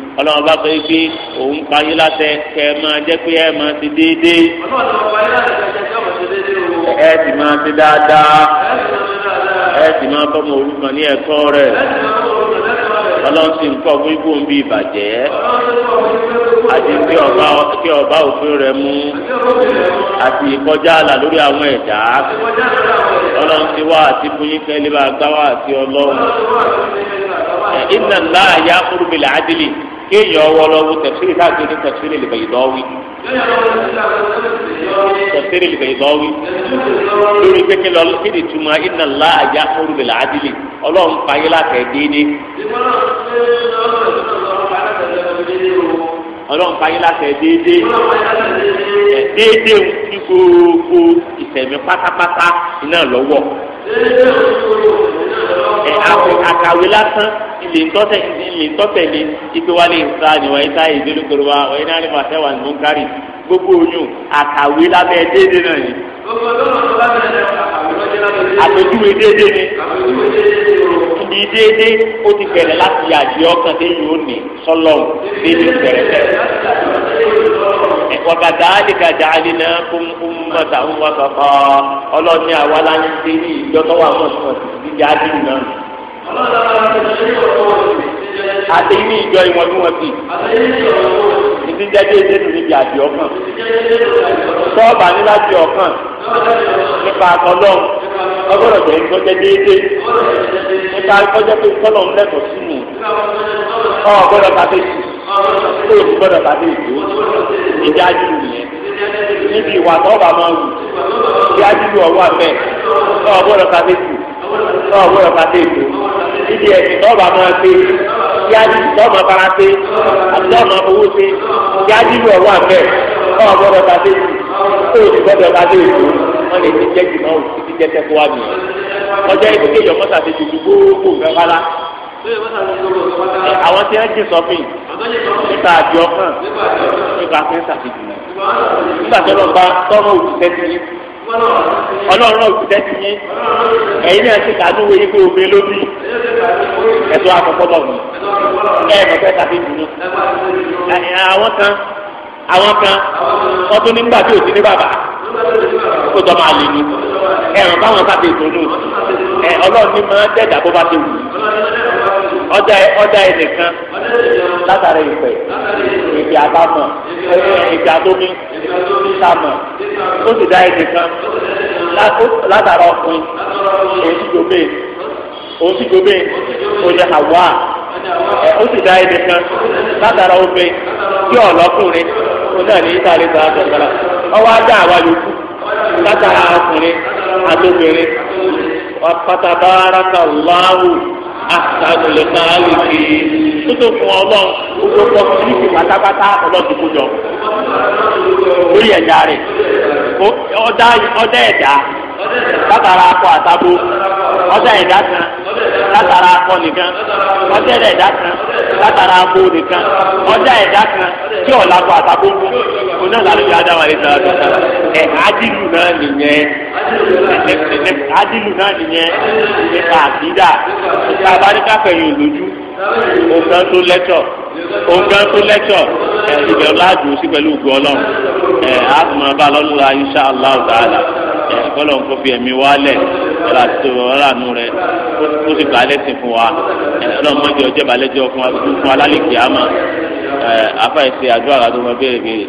[SPEAKER 1] ọlọ́run bá sọ yìí pé òun pa yín láṣẹ kẹ ẹ máa jẹ́ pé ẹ máa ti déédéé. ẹ sì máa ti dáadáa ẹ sì máa bọ́mọ òrukàn ní ẹ̀kọ́ rẹ̀ ọlọ́run sì ń kọ́ fún ikú ń bí ìbàjẹ́ àti kí ọba kí ọba òfin rẹ̀ mú àti ìkọjá àlà lórí àwọn ẹ̀dá ọlọ́run ti wá àti fúnyín kẹ́lẹ́ gbá wá àti ọlọ́run. ìnànlá àyà kúrúbìlà ádìlì kéèyàn ọwọ́ lọ́wọ́ tẹ̀síìrì láti ní tẹ̀síìrì lè bẹ̀yìn lọ́wí. tẹ̀síìrì lè bẹ̀yìn lọ́wí. lórí pé kíni ọlọ́run kéde túmọ̀ iná ńlá àyà fúru bẹ̀lẹ̀ ádìlẹ̀ ọlọ́run fàyè láti ẹ̀ déédé. ọlọ́run fàyè láti ẹ̀ déédé. ń fi gbogbo ìṣẹ̀mí pátápátá iná lọ́wọ́.
[SPEAKER 2] déédé ń fi gbogbo
[SPEAKER 1] àkàwé lásán ilé ńtọ́tẹ̀ ilé ńtọ́tẹ̀lé ipe wálé ìta níwá ìta ìdílùkọ̀rọ̀ wa ọ̀yẹ́ náà ní màtẹ́ wà ní mọ́nkárì gbogbo oyún àkàwé lábẹ́ déédé náà ni.
[SPEAKER 2] àpèjúwe déédé ni ibi déédé
[SPEAKER 1] ó ti bẹ̀rẹ̀ láti yàjẹ́ ọkàn déyìí ó ní sọlọ́ọ̀ déédé bẹ̀rẹ̀ bẹ̀rẹ̀ wàkàtà àdìgàjà àdìnà kún kún mọ́tà ń wọ́n sọ̀tọ̀ ọlọ́ni àwa la ní ṣe ní ìjọ tó wà mọ̀tìmọ̀ ìdíje ádìrú náà. àti ní ìjọ ìwọ̀ntúnwọ̀nsì. ìdíje déédéé nù níbi àdì ọkàn. sọ́ọ̀bà ní láti ọkàn nípa àtọ́lọ́ ọgbọ́dọ̀ jẹ́ ìtọ́jẹ́ déédéé nípa ìtọ́jẹ́ pé kọ́lọ̀ ń lẹ́tọ̀ọ́
[SPEAKER 2] sí mi ọ̀gbọ́dọ̀ bàbá ètò ọ̀gbọ́dọ̀ bàbá ètò ìdíje ádìrú níbi ìwà tó bá máa wù kí ájúlù ọwọ́
[SPEAKER 1] abẹ́ tó ọgbọ́dọ̀ kàdé kù tó ọgbọ́dọ̀ kàdé kù níbi ẹ̀sìn tó bá máa pé kí ájúlù tó máa bára pé àti tó máa fowó pé kí ájúlù ọwọ́ abẹ́
[SPEAKER 2] tó ọgbọ́dọ̀ kàdé kù
[SPEAKER 1] tó o sì gbọ́dọ̀ kàdé kù wọ́n lè ti jẹ́ jùmọ̀ òkú ti jẹ́ tẹ́kọ̀ọ́ àmì ọjọ́ ìdíkẹ́ yọ̀mọ́ta ti dùdú gbogbo nǹkan rárá àwọn tí wọ́n jẹ sọ́fìn nípa àjọ ọkàn nípa àfẹ́sà fìdí nígbà tó lọ bá tọrọ òtítẹ́ ti yín ọlọ́run òtítẹ́ ti yín ẹ̀yin náà ti kàánú wo yín pé obìnrin ló bí ẹ̀tọ́ àkọ́kọ́ bọ̀ mí ẹ̀ mọ̀ fẹ́sà fìdí ni àwọn kan àwọn kan wọ́n tún nígbà tí ò sí ní bàbá kó tọ́ máa lè ní ẹ̀rọ báwọn sábẹ̀ ìtọ́nù ẹ̀ ọlọ́run ní máa dẹ̀dà bó bá ti wù ú. ọjà ọjà ẹnìkan látara ìpè ìpè àbámọ̀ ìpè àdómi sàmọ̀ ó sì dá ẹnìkan látara ọkùnrin òun sì òjò à ó sì dá ẹnìkan látara obe tí ọ̀lọ́kùnrin òun ní ìtàlẹ́ sàrà tẹ̀sán ọwọ ajá àwa yòókù ọkùnrin àtàlùlẹ̀ máa lè ké tótó fún ọlọ́run gbogbo pọ́kìlìkì pátápátá ọlọ́dún kó jọ lórí ẹ̀dá rẹ̀ ọ̀dá ẹ̀dá látara akọ àtàbó ọ̀dá látara akọ nìkan ọjọ́ ẹ̀dá kan látara abo nìkan ọjọ́ ẹ̀dá kan tí ọ̀la kọ àtàkóńkó kò náà lálejò adáwà tó adilu náà nìyẹn adilu náà nìyẹn nípa àbídà nípa abáríkàfẹ̀yìn lójú òǹkan tó lẹ́tọ̀ tó lẹ́tọ̀ ìbẹ̀rù sí pẹ̀lú ògùn ọlọ́run inṣàlá àlà. kọ́lọ̀ ń kó fi ẹ̀mí wálẹ̀ ọ̀là tó ọ̀là nù rẹ̀ kó sì balẹ̀ sí fún wa ọlọ́run mọ́jọ ọjọ́ balẹ̀ jọ fún wa fún wa lálẹ́ kìá mà afa ẹsẹ àdúrà àdó wọn béèrè
[SPEAKER 3] béèrè.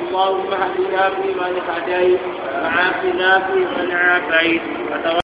[SPEAKER 3] اللهم اهدنا فيمن هديت وعافنا فيمن عافيت